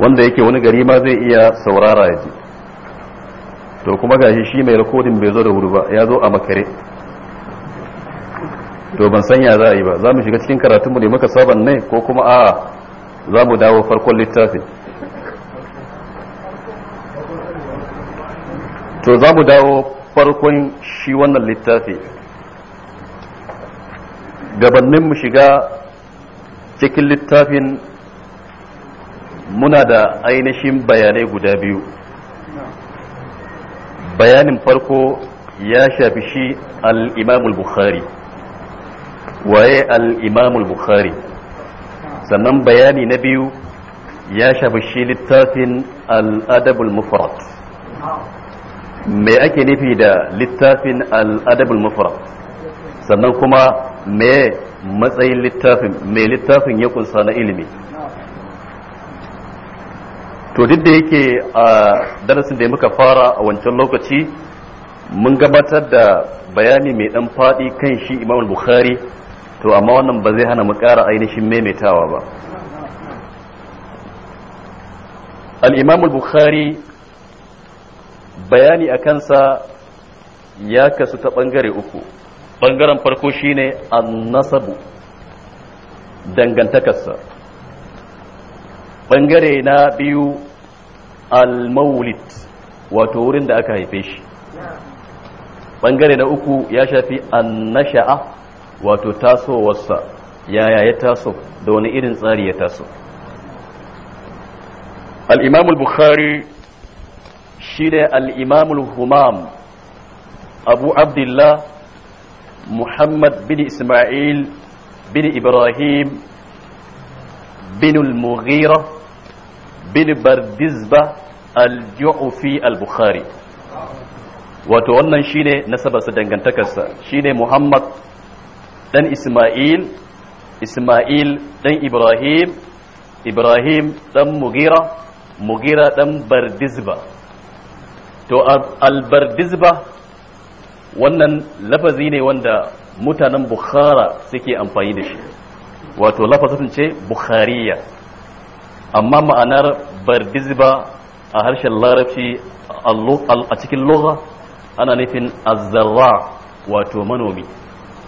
wanda yake wani gari ma zai iya saurara ya ji to kuma gashi shi mai rikodin bai zo da wuri ba ya zo a makare to ban san za a yi ba za mu shiga cikin karatunmu ne muka saban ne ko kuma a za mu dawo farkon littafin to za mu dawo farkon shi wannan littafi gabanin mu shiga cikin littafin muna da ainihin bayanai guda biyu bayanin farko ya shafi shi al'imamul bukhari waye al'imamul bukhari sannan bayani na biyu ya shafi shi littafin al'adabul mufarat mai ake nufi da littafin al'adabul mufrat sannan kuma me matsayin littafin mai littafin ya kunsa na ilimi to duk da yake a darasin da muka fara a wancan lokaci mun gabatar da bayani mai dan faɗi kan shi imam bukhari to amma wannan ba zai hana mu ƙara ainihin maimaitawa ba al-imam bukhari bayani a kansa ya kasu ta ɓangare uku ɓangaren farko shine an-nasabu dangantakarsa bangare na biyu al-maulid wato wurin da aka haife shi bangare na uku ya shafi annasha'a wato tasowarsa yaya ya taso da wani irin tsari ya taso al-imam al-bukhari shine al-imam al-humam abu abdullah muhammad bin isma'il bin ibrahim bin al bin bardizba al-ju'fi al-bukhari wato wannan shine nasabarsa dangantakarsa shine muhammad dan isma'il isma'il dan ibrahim ibrahim dan mugira mugira dan bardizba to albardizba wannan lafazi ne wanda mutanen bukhara suke amfani da shi wato lafazin ce bukhariya amma ma'anar bardizba a harshen larabci a cikin lugha ana nufin azzarra wato manomi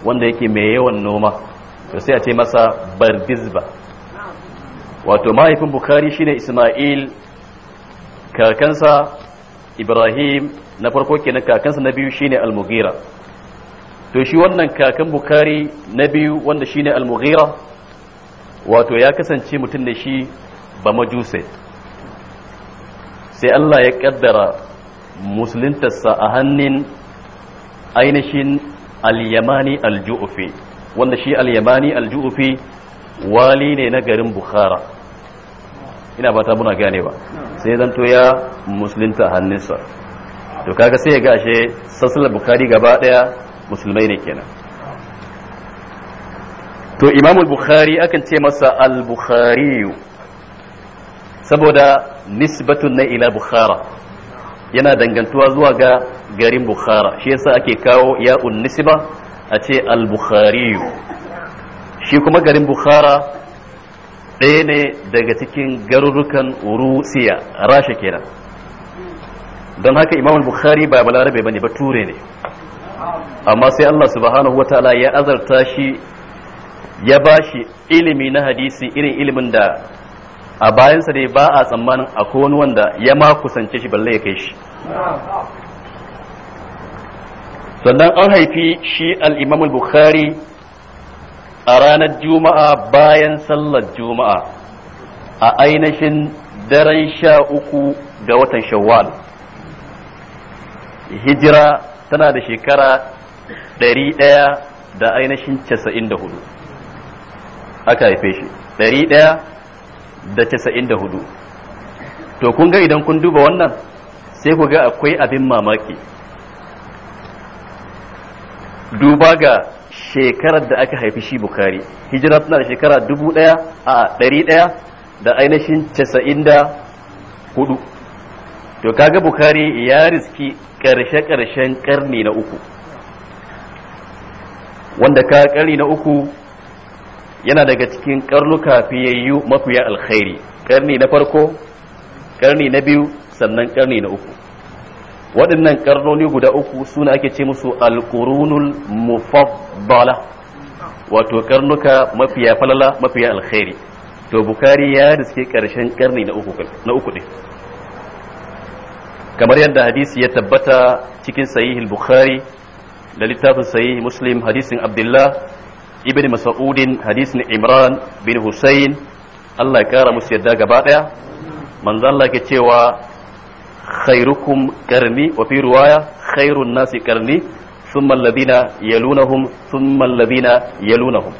wanda yake mai yawan noma to sai a ce masa bardizba wato mahaifin bukari shine isma'il kakansa ibrahim na farko kenan kakansa na biyu shine ne Almugira to shi wannan kakan bukari na biyu wanda shine ne Almugira wato ya kasance mutum da shi ba majuse sai Allah ya kaddara musuluntarsa a hannun ainihin al-yamani al-ju'ufi wanda shi al-yamani al-ju'ufi wali ne na garin bukhara ina ba ta muna gane ba sai zan ya musulunta hannunsa to kaga sai ya gashe sassalar bukhari gaba daya musulmai ne kenan to imamul bukhari akan ce masa al-bukhariyu saboda nisbatun na ila bukhara yana dangantuwa zuwa ga garin bukhara shi yasa ake kawo ya'un nisba a ce al-bukhari shi kuma garin bukhara ɗaya ne daga cikin garurrukan rusiya rasha kenan don haka imam bukhari ba balarabe bane ba ture ne amma sai Allah subhanahu taala ya azarta shi ya ba shi ilimi na hadisi irin ilimin da a bayansa dai ba a tsammanin akwai wani wanda ya ma kusance shi balle ya kai shi sannan an haifi shi al-imam al-bukhari a ranar juma'a bayan sallar juma'a a ainihin daren sha uku ga watan shawwal hijira tana da shekara ɗari ɗaya da ainihin casa'in da hudu aka haife shi ɗari ɗaya da casa'in da hudu to kun ga idan kun duba wannan sai ku ga akwai abin mamaki duba ga shekarar da aka haifi shi bukari hijira tana da shekara dubu ɗaya a ɗari ɗaya da ainihin casa'in da hudu to kaga bukari ya riski karshe-karshen karni na uku wanda ka karni na uku yana daga cikin karnuka fiyayyu mafiya alkhairi karni na farko karni na biyu sannan karni na uku waɗannan karnoni guda uku suna ake ce musu alkurunul mufaddala wato karnuka mafiya falala mafiya alkhairi to bukari ya riske karshen karni na uku ɗin kamar yadda hadisi ya tabbata cikin sahih bukhari da littafin sahih muslim hadisin abdullah ibn hadith hadisin imran bin husayn Allah ya kara musu yadda gaba daya manzo Allah ke cewa khairukum karni wa fi riwaya khairun nasi karni thumma alladhina yalunahum thumma alladhina yalunahum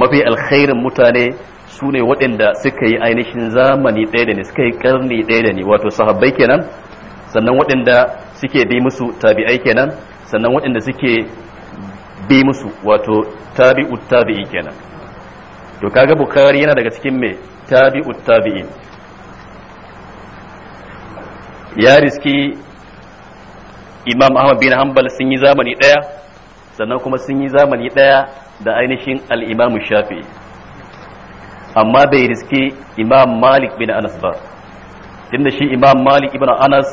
mafi alkhairin mutane su ne waɗanda suka yi ainihin zamani ɗaya da ne suka yi ƙarni ɗaya da ne wato sahabbai kenan sannan waɗanda suke bi musu tabi'ai kenan sannan waɗanda suke bi musu wato tabi'u tabi'i kenan to kaga bukari yana daga cikin me tabi'u tabi'i ya riski imam ahmad bin hanbal sun yi zamani daya sannan kuma sun yi zamani daya da ainihin al-imam shafi'i amma bai riski imam malik bin anas ba tunda shi imam malik ibn anas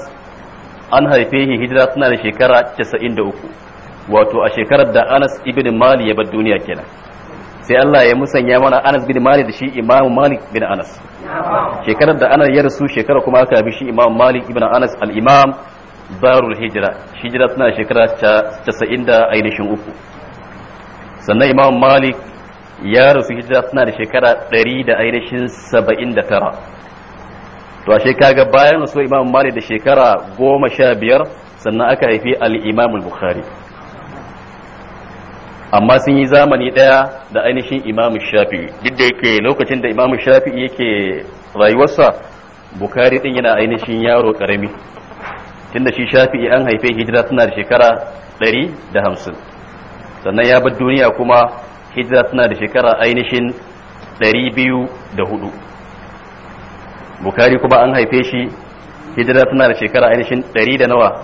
an haife shi hijira tana da shekara 93 wato a shekarar da Anas ibn Malik ya bar duniya kenan sai Allah ya musanya mana Anas ibn Malik da shi Imam Malik bin Anas shekarar da Anas ya rasu shekara kuma aka bi shi Imam Malik ibn Anas al-Imam Darul Hijra hijra tana shekara ta 90 ainihin uku sannan Imam Malik ya rasu hijira tana da shekara 100 da ainihin 79 to a shekara bayan rasu Imam Malik da shekara 15 sannan aka haifi al-Imam al-Bukhari amma sun yi zamani daya da ainihin imamu shafi'i duk da yake lokacin da imamu shafi'i yake rayuwarsa bukari din yana ainihin yaro karami tunda shi shafi'i an haife hijira tana da shekara 150 sannan ya bar duniya kuma hijira tana da shekara ainihin 204 bukari kuma an haife shi hijira tana da shekara ainihin 100 da nawa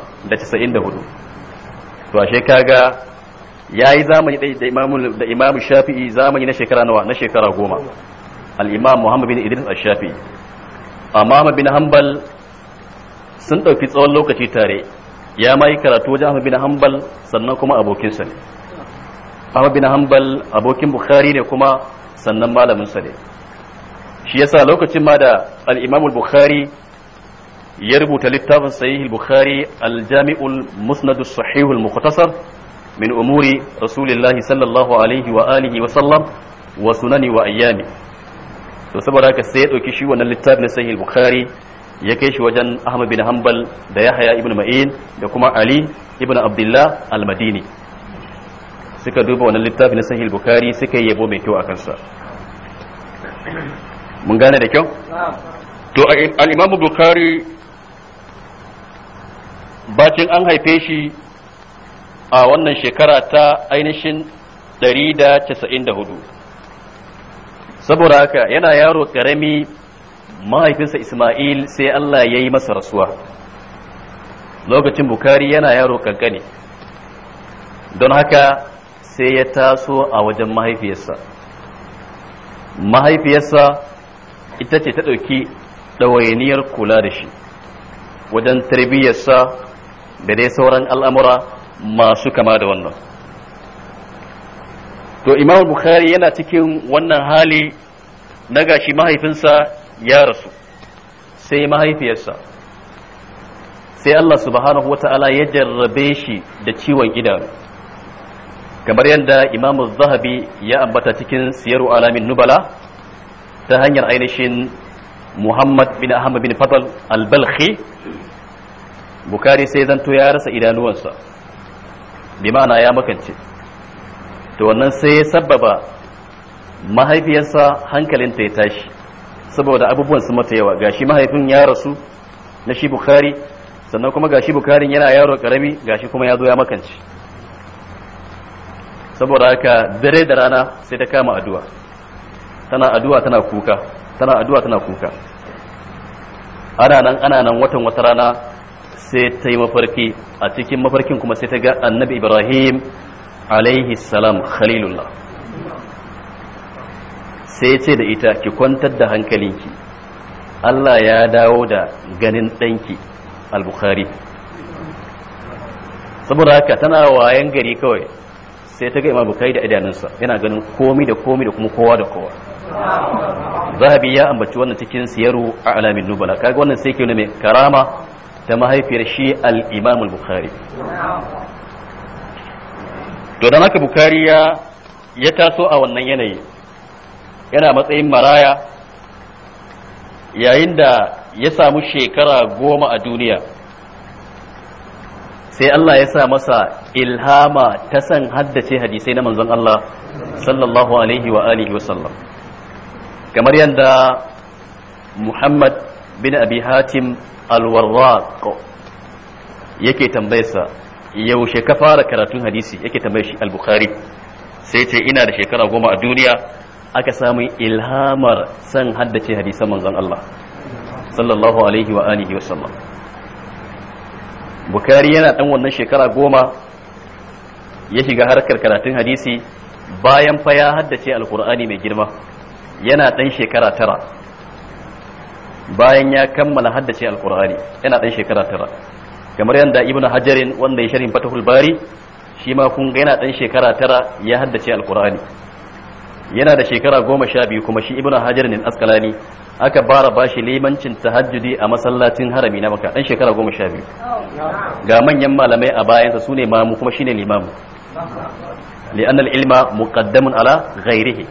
da hudu to ashe kaga yayi zamani da imamu shafi'i zamani na shekara nawa na shekara goma al'imam muhammad bin idris ash-shafi'i amma bin hanbal sun ɗauki tsawon lokaci tare ya ma yi karatu wajen ahmad bin hanbal sannan kuma abokinsa ne ahmad bin hanbal abokin bukhari ne kuma sannan malaminsa ne shi yasa lokacin ma da al'imam bukhari ya rubuta littafin sahihul bukhari al-jami'ul musnadus sahihul mukhtasar min umuri rasulillahi sallallahu wa alihi wa sallam wa sunani wa ayyami to saboda haka sai ya dauki shi wannan littafin sahih bukhari ya kai shi wajen ahmad bin hanbal da yahya ibn ma'in da kuma ali ibn abdullah al-madini suka duba wannan littafin sahih bukhari suka yi yabo mai kyau a sa. mun gane da kyau to al-imam bukhari bacin an haife shi a wannan shekara ta ainihin hudu. saboda haka yana yaro ƙarami mahaifinsa Ismail sai Allah ya yi masa rasuwa lokacin bukari yana yaro kankane don haka sai ya taso a wajen mahaifiyarsa mahaifiyarsa ita ce ta ɗauki ɗawainiyar kula da shi wajen tarbiyyarsa da dai sauran al'amura masu kama da wannan to imam bukhari yana cikin wannan hali na gashi mahaifinsa ya rasu sai mahaifiyarsa sai Allah subhanahu wa ta'ala ya jarrabe shi da ciwon idanu kamar yadda imam zahabi ya ambata cikin siyaru alamin nubala ta hanyar ainihin muhammad bin ahmad bin fadl al-balkhi bukari sai zanto ya rasa idanuwansa bi ma'ana ya makance to wannan sai ya sababa mahaifiyarsa hankalinta ya tashi saboda abubuwan su mata yawa gashi mahaifin ya rasu na shi bukari sannan kuma gashi bukarin yana yaro karami gashi kuma ya zo ya makance saboda haka dare da rana sai ta kama addu'a tana addu'a tana kuka tana addu'a tana kuka ana nan ana nan watan wata rana sai ta yi mafarki a cikin mafarkin kuma sai ta ga annabi ibrahim alaihi salam khalilullah sai ce da ita ki kwantar da hankalinki allah ya dawo da ganin ɗanki al-bukhari saboda haka tana wayan gari kawai sai ta ga imam bukhari da idanunsa yana ganin komi da komi da kuma kowa da kowa zahabi ya ambaci wannan cikin siyaru a alamin nubala kaga wannan sai ke mai karama da mahaifiyar shi al-imam bukhari haka bukhari ya ya taso a wannan yanayi yana matsayin maraya yayin da ya samu shekara goma a duniya sai Allah ya sa masa ilhama ta san haddace hadisai na manzon Allah sallallahu alaihi wa alihi wasallam kamar yadda Muhammad bin Abi Hatim alwarraq yake tambayarsa yaushe ka fara karatun hadisi yake tambayar shi al-bukhari sai ce ina da shekara goma a duniya aka samu ilhamar san haddace hadisan manzon Allah sallallahu alaihi wa alihi wa sallam Bukhari yana dan wannan shekara goma ya shiga harkar karatun hadisi bayan fa ya haddace al alkur'ani mai girma yana dan shekara tara bayan ya kammala haddace alkur'ani yana dan shekara tara kamar yadda ibnu hajarin wanda ya sharhi fatahul bari shi ma kun ga yana dan shekara tara ya haddace alkur'ani yana da shekara goma sha biyu kuma shi ibnu hajarin askalani aka bara bashi limancin tahajjudi a masallacin harami na maka dan shekara goma sha biyu ga manyan malamai a bayansa su ne mamu kuma shine limamu li'annal ilma muqaddamun ala ghairihi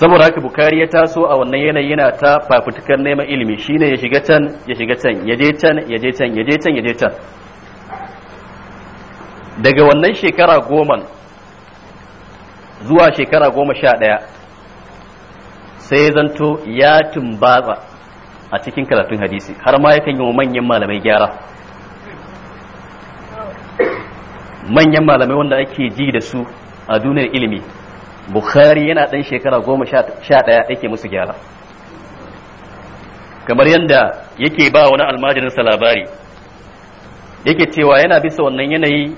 saboda haka bukari ya taso a wannan yanayi yana ta fafutukan neman ilimi shine ya shiga can ya shiga can ya je can ya je can ya je can ya je can daga wannan shekara goma zuwa shekara goma sha ɗaya sai zanto ya tumbatsa a cikin karatun hadisi har ma yakan yi wa manyan malamai gyara manyan malamai wanda ake ji da su a duniyar ilimi bukhari yana ɗan shekara goma sha ɗaya yake musu gyara kamar yadda yake ba wani almajirinsa labari yake cewa yana bisa wannan yanayi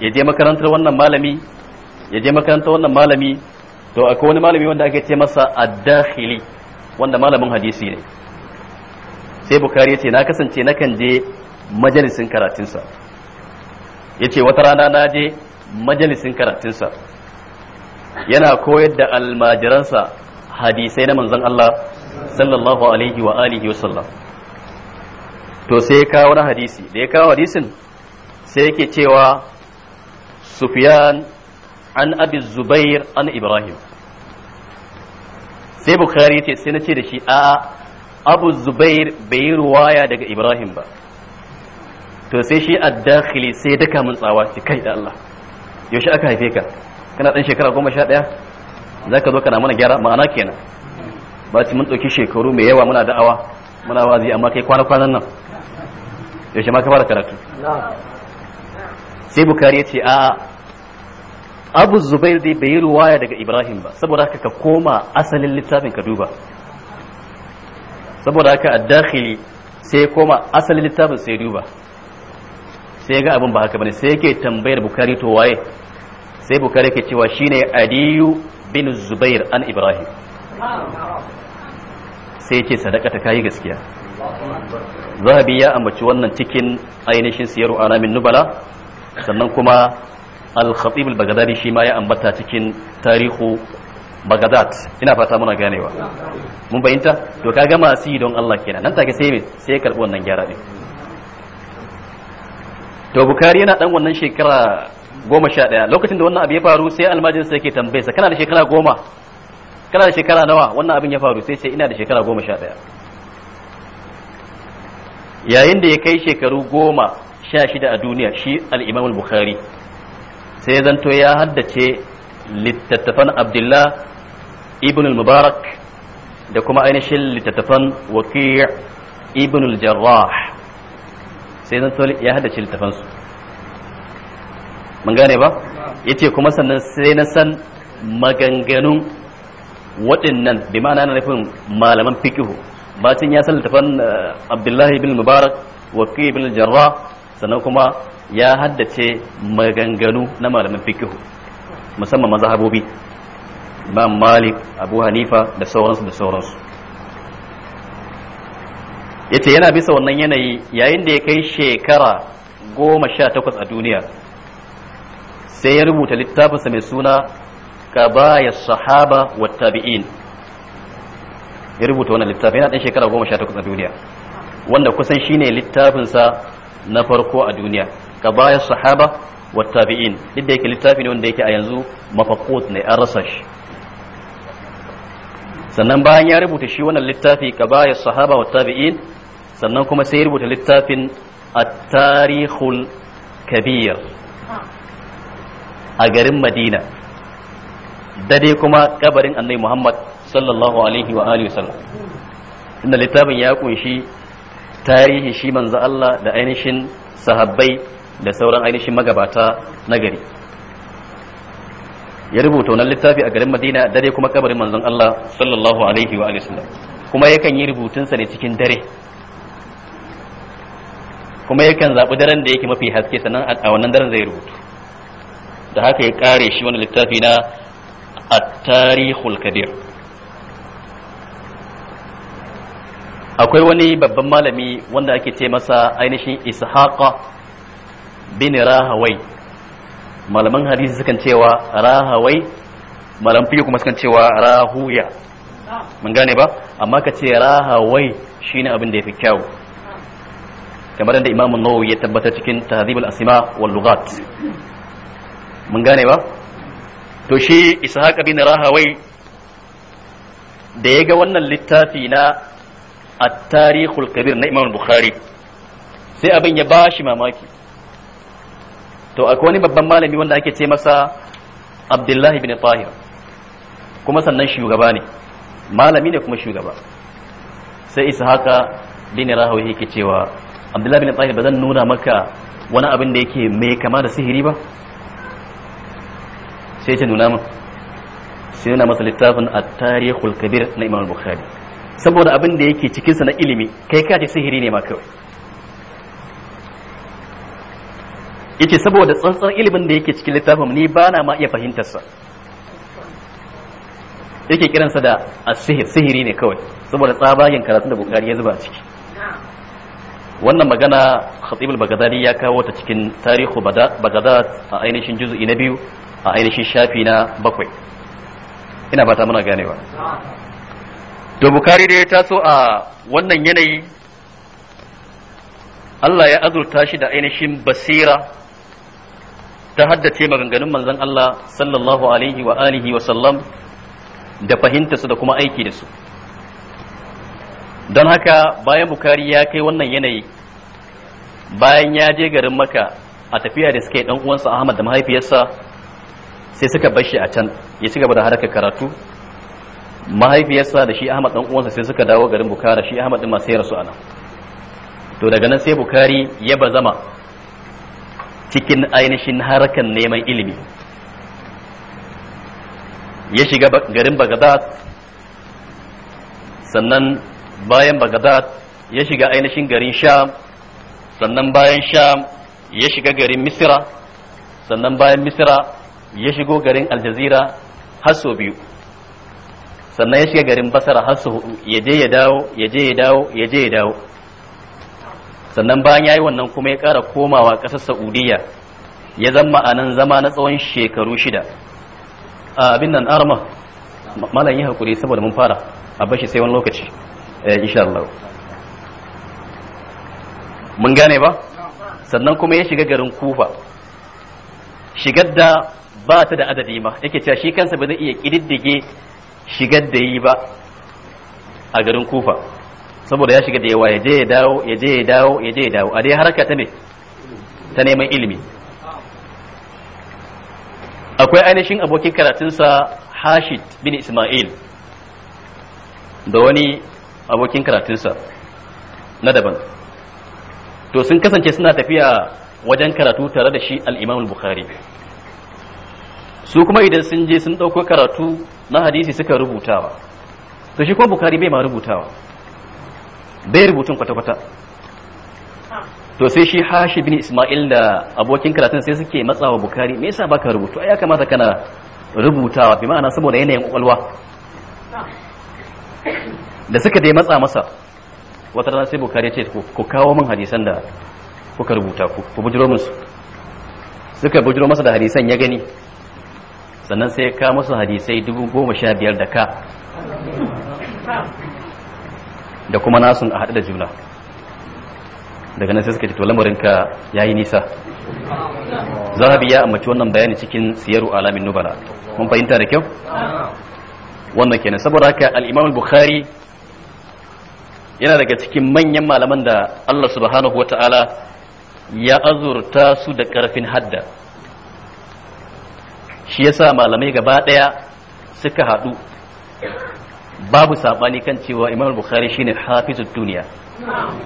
ya je makarantar wannan malami ya je makarantar wannan malami to akwai wani malami wanda ake ce masa addakhili wanda malamin hadisi ne sai bukari ce na kasance na kan je majalisin karatunsa ya ce wata rana na je majalisin karatunsa yana koyar da almajiransa hadisai na manzon Allah sallallahu alaihi wa alihi wa sallam to sai ya kawo wani hadisi da ya kawo hadisin sai yake cewa Sufyan an Abi Zubair an Ibrahim sai Bukhari ce sai na ce da shi a'a Abu Zubair bai yi ruwaya daga Ibrahim ba to sai shi addakhili sai daka mun tsawa ki kai da Allah yaushe aka haife ka kana dan shekara goma sha ɗaya za ka zo kana mana gyara ma'ana kenan ba ci mun ɗauki shekaru mai yawa muna da'awa muna wazi amma kai kwana-kwanan nan yaushe ma ka fara karatu sai bukari ya ce a abu zubair dai bai yi ruwaya daga ibrahim ba saboda haka ka koma asalin littafin ka duba saboda haka addakhili sai koma asalin littafin sai duba sai ga abin ba haka bane sai yake tambayar bukari to waye sai bukari ke cewa shi ne adiyu bin zubair an ibrahim sai ce sadaka ta kayi gaskiya zahabi ya ambaci wannan cikin ainihin siyaru min nubala sannan kuma al-khatib al-baghdadi shi ma ya ambata cikin tarihu baghdad ina fata muna ganewa mun bayyanta to kaga masu don Allah kenan nan take sai sai karbi wannan gyara din to bukari yana dan wannan shekara goma sha ɗaya lokacin da wannan abu ya faru sai almajin sai ke tambayarsa kana da shekara goma kana da shekara nawa wannan abin ya faru sai ce ina da shekara goma sha ɗaya yayin da ya kai shekaru goma sha shida a duniya shi al'imam al-bukhari sai ya zanto ya haddace littattafan abdullah ibn al-mubarak da kuma ainihin littattafan wakil ibn al-jarrah sai zanto ya haddace littattafansu mun gane ba yace kuma sannan sai na san maganganun waɗannan bi ma'ana na nufin malaman fiqh bacin ya san littafan eh, Abdullahi bin Mubarak wa bin Jarrah sannan kuma ya haddace maganganu na malaman fikihu musamman mazhabobi Imam Malik Abu Hanifa da sauransu da sauransu yace yana bisa wannan yanayi yayin da ya kai shekara goma sha takwas a duniya sai ya rubuta littafinsa mai suna kabaya sahaba wa tabi'in ya rubuta wannan littafin yana ɗan shekara goma sha takwas a duniya wanda kusan shine littafinsa na farko a duniya kabaya sahaba wa tabi'in duk da yake littafi ne wanda yake a yanzu mafakot ne an rasa shi sannan bayan ya rubuta shi wannan littafi kabaya sahaba wa tabi'in sannan kuma sai ya rubuta littafin at tarihul kabir a garin madina da dai kuma kabarin annabi muhammad sallallahu alaihi wa alihi wasallam inda littafin ya kunshi tarihi shi manzo Allah da ainihin sahabbai da sauran ainihin magabata na gari ya rubuta wannan littafi a garin Madina dare kuma kabarin manzon Allah sallallahu alaihi wa alihi wasallam kuma yakan yi rubutun sa ne cikin dare kuma yakan zabi daren da yake mafi haske sannan a wannan daren zai rubutu da haka ya kare shi wani littafi na a tarihul kadir akwai wani babban malami wanda ake ce masa ainihin ishaqa bin rahawai malaman hadisi sukan cewa rahawai malam fiye kuma sukan cewa rahuya mun gane ba amma ka ce rahawai shine abin da yafi kyau kamar da imamu nawawi ya tabbata cikin tahdhibul asma wal lughat mun gane ba to shi ishaq bin rahawai da ya ga wannan littafi na at-tarikhul kabir na imam bukhari sai abin ya bashi mamaki to akwai wani babban malami wanda ake ce masa abdullahi bin tahir kuma sannan shugaba ne malami ne kuma shugaba sai ishaqa bin rahawai yake cewa abdullahi bin tahir ba zan nuna maka wani abin da yake mai kama da sihiri ba sai ce nuna min sai nuna masa littafin at-tarikhul kabir na Imam Bukhari saboda abin da yake cikin sa na ilimi kai ka ce sihiri ne ma kawai yace saboda tsantsan ilimin da yake cikin littafin ni ba na ma iya fahimtar sa yake kiransa da as-sihir sihiri ne kawai saboda tsabagen karatun da Bukhari ya zuba ciki wannan magana khatib al-baghdadi ya kawo ta cikin tarihu baghdad a ainihin juz'i na biyu a ainihin shafi na bakwai ina ba ta muna ganewa to bukari da ya taso a wannan yanayi Allah ya azurta shi da ainihin basira ta haddace maganganun manzon Allah sallallahu alaihi wa alihi wa sallam da fahimta su da kuma aiki da su don haka bayan bukari ya kai wannan yanayi bayan ya je garin maka a tafiya da suke ɗan uwansa Ahmad da mahaifiyarsa sai suka bar shi a can ya ci gaba da harkar karatu mahaifiyarsa da shi Ahmad dan uwansa sai suka dawo garin Bukhara shi Ahmad din ma sai rasu anan to daga nan sai Bukhari ya bazama cikin ainihin harkar neman ilimi ya shiga garin Baghdad sannan bayan Baghdad ya shiga ainihin garin Sham sannan bayan Sham ya shiga garin Misra sannan bayan Misra ya shigo garin aljazira har sau biyu sannan ya shiga garin basara har sau hudu ya je ya dawo ya je ya dawo ya je ya dawo sannan bayan ya yi wannan kuma ya ƙara komawa ƙasar saudiya ya zama a nan zama na tsawon shekaru shida a abin nan arma malam yi hakuri saboda mun fara a bashi sai wani lokaci eh, insha Allah mun gane ba sannan kuma ya shiga garin kufa shigar da ba ta da adadi ma yake cewa shi kansa ba zai iya kididdige shigar da yi ba a garin kufa saboda ya shiga da yawa ya je ya dawo ya je ya dawo ya je ya dawo a dai haraka ta ne ta neman ilimi akwai ainihin abokin karatunsa hashid bin ismail da wani abokin karatunsa na daban to sun kasance suna tafiya wajen karatu tare da shi al-imam al-bukhari su kuma idan sun je sun ɗauko karatu na hadisi suka rubutawa to shi kuma bukari bai ma rubutawa bai rubutun kwata-kwata to sai shi hashi bin ismail da abokin karatun sai suke matsawa bukari me yasa baka rubutu ai ya kamata kana rubutawa bi ma'ana saboda yanayin kwakwalwa da suka dai matsa masa wata rana sai bukari ce ku kawo min hadisan da kuka rubuta ku ku bujiro musu suka bujiro masa da hadisan ya gani sannan sai ka musu hadisai dubu goma sha biyar da ka da kuma nasun a haɗu da juna daga nan sai suka tito lamarin lamarinka ya yi nisa zahabi ya mace wannan bayani cikin siyaru alamin nubala mun fahimta da kyau wannan kenan saboda haka al'imam bukhari yana daga cikin manyan malaman da Allah subhanahu ta'ala ya azurta su da karfin hadda shi yasa malamai gaba daya suka hadu babu sabani kan cewa Imam Bukhari shine hafizud duniya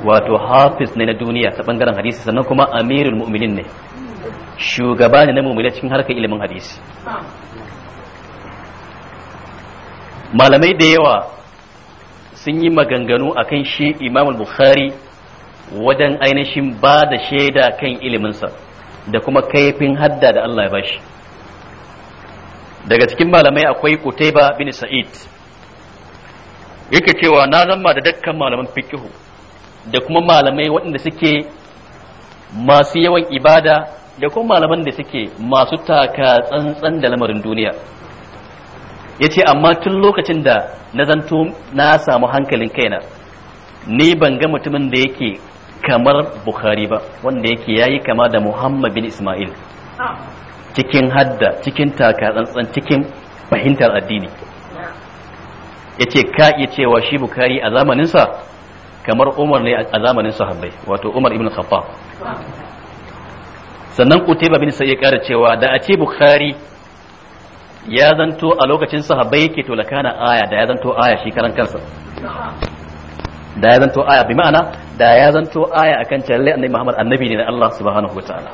wato hafiz ne na duniya ta bangaren hadisi sannan kuma amirul mu'minin ne shugaba ne na mu'mina cikin harkar ilimin hadisi malamai da yawa sun yi maganganu akan shi Imam Bukhari wajen ainihin ba da shaida kan iliminsa da kuma kaifin hadda da Allah ya bashi daga cikin malamai akwai kutaiba bin Sa'id yake cewa na zama da dukkan malaman fiqh da kuma malamai waɗanda suke masu yawan ibada da kuma malaman da suke masu taka tsantsan da lamarin duniya yace amma tun lokacin da na zanto na samu hankalin kaina ni ban ga mutumin da yake kamar Bukhari ba wanda yake yayi kama da Muhammad bin Ismail cikin hadda cikin taka tsantsan cikin fahimtar addini ya yace ka iya cewa shi bukari a zamaninsa kamar umar ne a zamanin sahabbai wato umar ibn khattab sannan kutaiba bin sai ya kara cewa da a ce bukhari ya zanto a lokacin sahabbai yake to lakana aya da ya zanto aya shi karan kansa da ya zanto aya bi ma'ana da ya zanto aya akan cewa lallai annabi Muhammad annabi ne na Allah subhanahu ta'ala.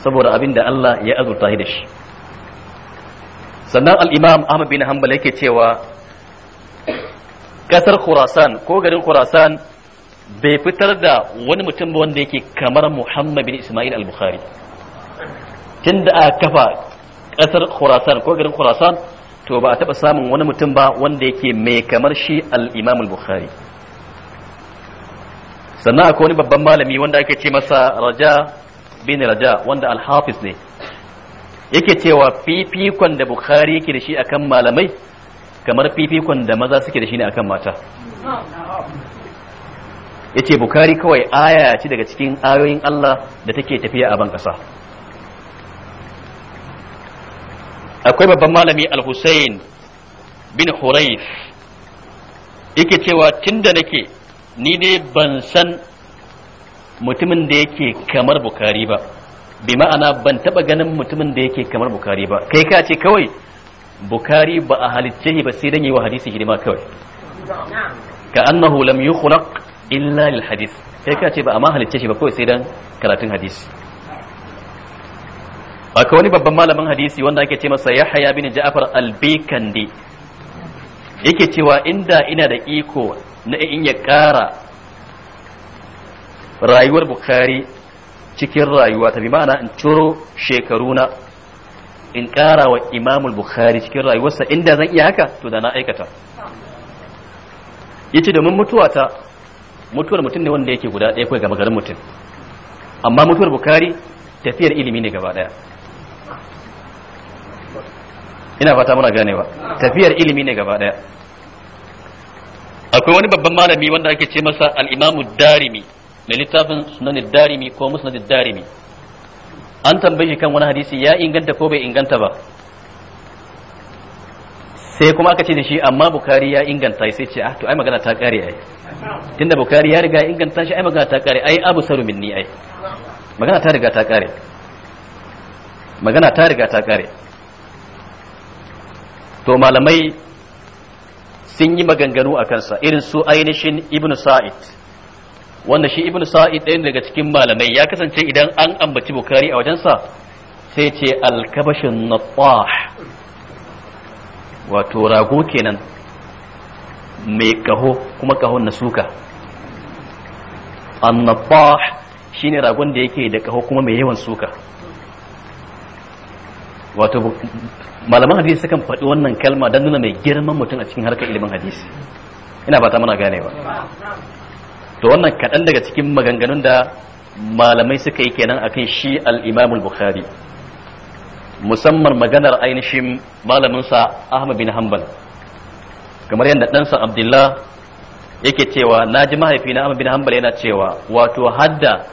saboda abin da Allah ya azurta shi da shi sannan al-imam Ahmad bin Hanbal yake cewa kasar Khurasan ko garin Khurasan bai fitar da wani mutum wanda yake kamar Muhammad bin Ismail al-Bukhari tinda a kafa kasar Khurasan ko garin Khurasan to ba a taba samun wani mutum ba wanda yake mai kamar shi al al-Bukhari sannan akwai wani babban malami wanda ake ce masa Raja bin raja wanda al-hafiz ne yake cewa fifikon da bukhari yake da shi akan malamai kamar fifikon da maza suke da shi ne akan mata yace bukhari kawai aya ce daga cikin ayoyin Allah da take tafiya a ban kasa akwai babban malami al-Husayn bin Hurayf yake cewa tinda nake ni ne ban san mutumin da yake kamar bukari ba bi ma'ana ban taba ganin mutumin da yake kamar bukari ba kai ka ce kawai bukari ba a halitta ba sai dan yi wa hadisi hidima kawai ka annahu lam yukhlaq illa lil hadis kai ka ce ba amma halicce shi ba kawai sai dan karatun hadisi akwai wani babban malamin hadisi wanda ake ce masa Yahya bin Ja'far al bikandi yake cewa inda ina da iko na in ya kara rayuwar bukari cikin rayuwa ta bi ma'ana in ciro shekaruna in kara wa imamul bukari cikin rayuwarsa inda zan iya haka to da na aikata Ya ce domin mutuwa ta mutuwar mutum ne wanda yake guda ɗaya kawai gaba garin mutum amma mutuwar bukari tafiyar ilimi ne gaba ɗaya ina fata muna ganewa tafiyar ilimi ne gaba ɗaya akwai wani babban malami wanda ake ce masa al-imamu darimi mai littafin sunan darimi ko musnad darimi an tambaye kan wani hadisi ya inganta ko bai inganta ba sai kuma aka ce da shi amma bukari ya inganta sai ce ah to ai magana ta kare ai tunda bukari ya riga inganta shi ai magana ta kare ai abu saru minni ai magana ta riga ta kare magana ta riga ta kare to malamai sun yi maganganu a kansa irin su ainihin ibnu sa'id wanda shi ibnu sa'id ɗayan daga cikin malamai ya kasance idan an ambaci bukari a wajensa sai ce alkabashin nattah wato rago kenan mai kaho kuma kahon na suka an shi shine ragon da yake da kaho kuma mai yawan suka wato malaman hadisi sukan faɗi wannan kalma don nuna mai girman mutum a cikin harkar ilimin hadisi ina ba ta muna ganewa to wannan kaɗan daga cikin maganganun da malamai suka yi kenan akan shi al bukhari musamman maganar ainihin malaminsa ahmad bin hanbal kamar yadda ɗansa abdullah yake cewa na ji mahaifina ahmad bin hanbal yana cewa wato hadda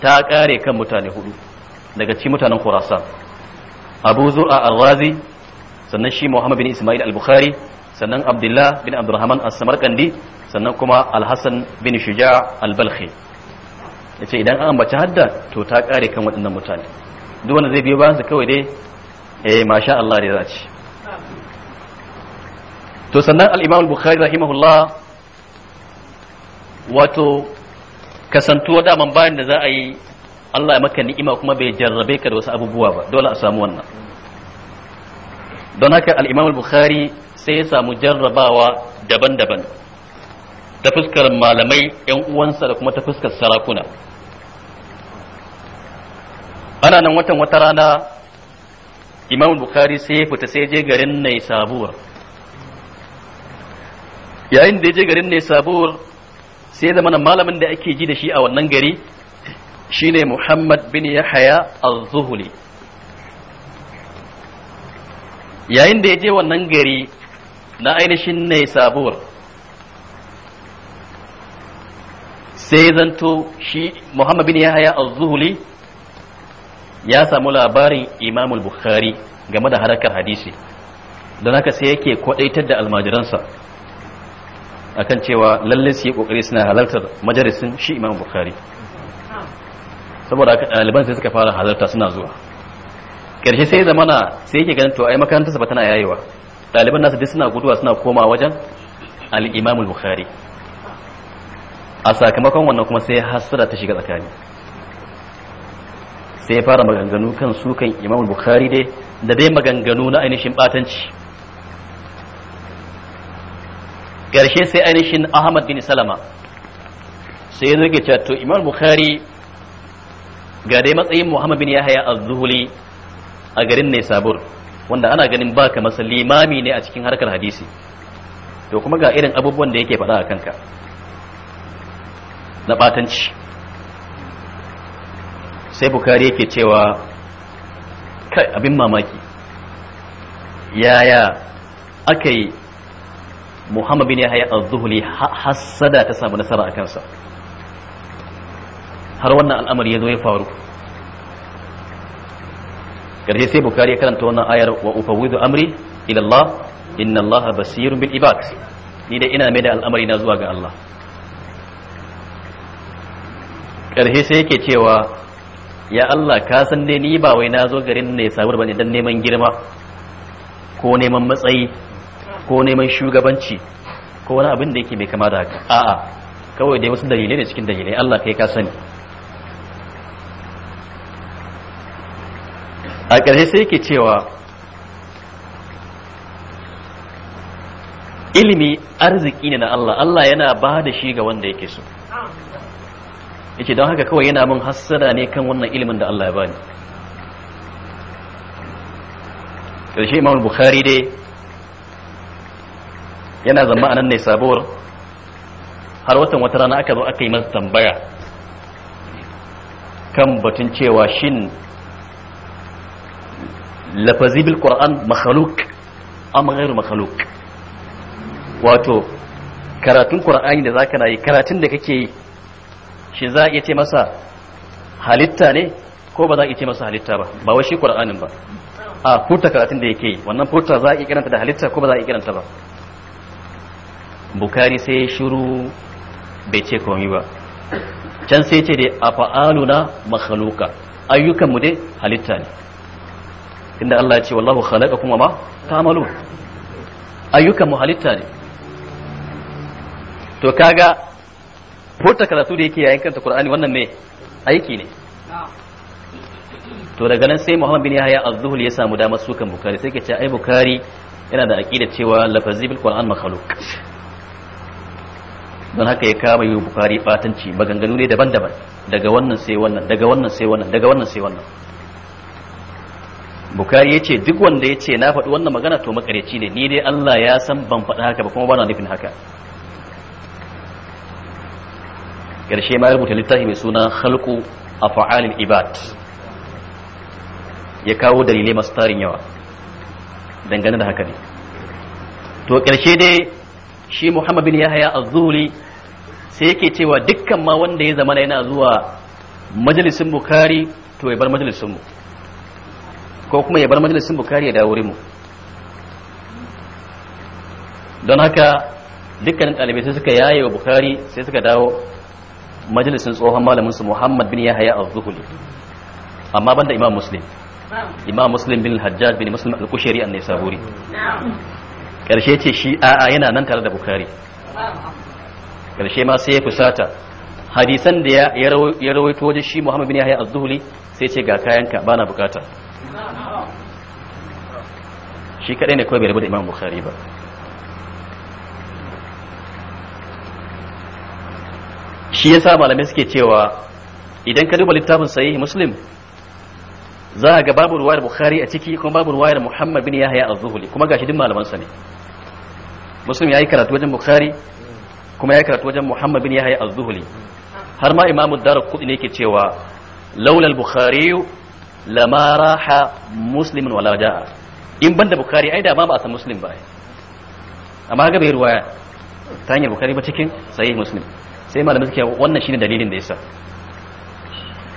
ta ƙare kan mutane hudu daga cikin mutanen khurasan abu zur'a al-razi sannan shi muhammad bin ismail al-bukhari sannan abdullah bin abdurrahman as-samarkandi sannan kuma alhassan bin shuja albalkhi ya ce idan an ambaci hadda to ta kare kan waɗannan mutane duk wanda zai biyo bayansa kawai dai eh masha Allah da za ci to sannan al'imam al-bukhari rahimahullah wato kasantuwa daman bayan da za a yi Allah ya maka ni'ima kuma bai jarrabe ka da wasu abubuwa ba dole a samu wannan don haka al'imam al-bukhari sai ya samu jarrabawa daban-daban ta fuskar malamai yan uwansa da kuma ta fuskar sarakuna ana nan watan wata rana imam bukhari sai ya fita sai je garin nai sabuwar yayin da ya je garin nai sabuwar sai zama na malamin da ake ji da shi a wannan gari shine muhammad bin yahaya al-zuhuli yayin da ya je wannan gari na ainihin nai sabuwar sai zanto shi muhammad bin yahaya az-zuhli ya samu labarin imam al-bukhari game da harakar hadisi don haka sai yake kwadaitar da almajiransa akan cewa lalle su yi kokari suna halartar majalisin shi imam bukhari saboda haka ɗaliban sai suka fara halarta suna zuwa ƙarshe sai zamana sai yake ganin to ai makarantarsa ba tana yayewa ɗaliban nasu duk suna guduwa suna koma wajen al-imam bukhari a sakamakon wannan kuma sai hasira ta shiga tsakani sai fara maganganu kan su kan imam bukhari dai da dai maganganu na ainihin batanci ƙarshe sai ainihin ahmad bin salama sai ya zoge cato imam bukhari ga dai matsayin muhammad bin yahaya az-zuhuli a garin ne sabur wanda ana ganin ba masa limami ne a cikin harkar hadisi to kuma ga irin abubuwan da yake faɗa a kanka na batanci sai bukari yake cewa kai abin mamaki yaya aka yi Muhammadu bin yahya az-zuhli hassada ta samu nasara a kansa har wannan al'amari ya zo ya faru karshe sai bukari ya karanta wannan ayar wa amri ila inna Allah basirun bil ibad ni da ina mai da al'amari na zuwa ga Allah ƙarshe sai yake cewa ya Allah ka san dai ni ba wai na zo garin ne sabuwar bane dan neman girma ko neman matsayi ko neman shugabanci ko wani abin da yake mai kama da haka a'a kawai dai wasu dalilai ne cikin dalilai Allah kai ka sani a ƙarshe sai yake cewa ilimi arziki ne na Allah Allah yana ba da shi ga wanda yake so yace don haka kawai yana min hassada ne kan wannan ilimin da Allah ya bani karshe Imam Bukhari dai yana zama anan ne sabuwar har watan wata rana aka zo aka yi masa tambaya kan batun cewa shin lafazibil bil qur'an makhluk am wato karatun qur'ani da zaka yi karatun da kake yi shi za a iya ce masa halitta ne ko ba za a iya ce masa halitta ba ba wai shi qur'anin ba a furta karatun da yake wannan furta za a iya kiranta da halitta ko ba za a iya kiranta ba bukari sai shiru bai ce komai ba can sai ce dai a fa'aluna na ayyukan mu dai halitta ne inda Allah ya ce wallahu khalaqakum kuma ma ta'malun ayyukan mu halitta ne to kaga furta karatu da yake yayin karanta Qur'ani wannan me aiki ne to daga nan sai Muhammad bin Yahya az-Zuhli ya samu damar sukan Bukhari sai kace ai Bukhari yana da aqida cewa lafazi bil Qur'an makhluq don haka ya kama yi Bukhari batanci maganganu ne daban-daban daga wannan sai wannan daga wannan sai wannan daga wannan sai wannan Bukhari ya ce duk wanda ya ce na faɗi wannan magana to makareci ne ni dai Allah ya san ban faɗi haka ba kuma ba na nufin haka karshe ma rubuta littafi mai suna a fa'alin ibad ya kawo dalilai masu tarin yawa dangane da haka ne to karshe dai shi Muhammad bin yahaya az-Zuhri sai yake cewa dukkan ma wanda ya zama yana zuwa majalisin Bukhari to ya bar majalisin mu ko kuma ya bar majalisin Bukhari ya dawo rimu. don haka dukkanin ɗalibai sai suka yaye wa Bukhari sai suka dawo majalisin tsohon malamin su Muhammad bin Yahya az-Zuhli amma banda Imam Muslim Imam Muslim bin Hajjaj bin Muslim al-Kushairi an-Naisaburi karshe ce shi a'a yana nan tare da Bukhari karshe ma sai ya kusata hadisan da ya rawaito wajen shi Muhammad bin Yahya az-Zuhli sai ce ga kayanka bana bukata shi kadai ne kawai bai rabu da Imam Bukhari ba shi yasa malamai suke cewa idan ka duba littafin sahihi muslim za ga babu ruwayar bukhari a ciki kuma babu ruwayar muhammad bin yahya az-zuhli kuma gashi duk malaman sa ne muslim yayi karatu wajen bukhari kuma yayi karatu wajen muhammad bin yahya az-zuhli har ma imamu ad-darqutni yake cewa laula al-bukhari lama raha muslimun wala jaa in banda bukhari ai da ma ba a san muslim ba amma ga bai ruwaya ta hanyar bukhari ba cikin sahih muslim sai malamai suke wannan shine dalilin da yasa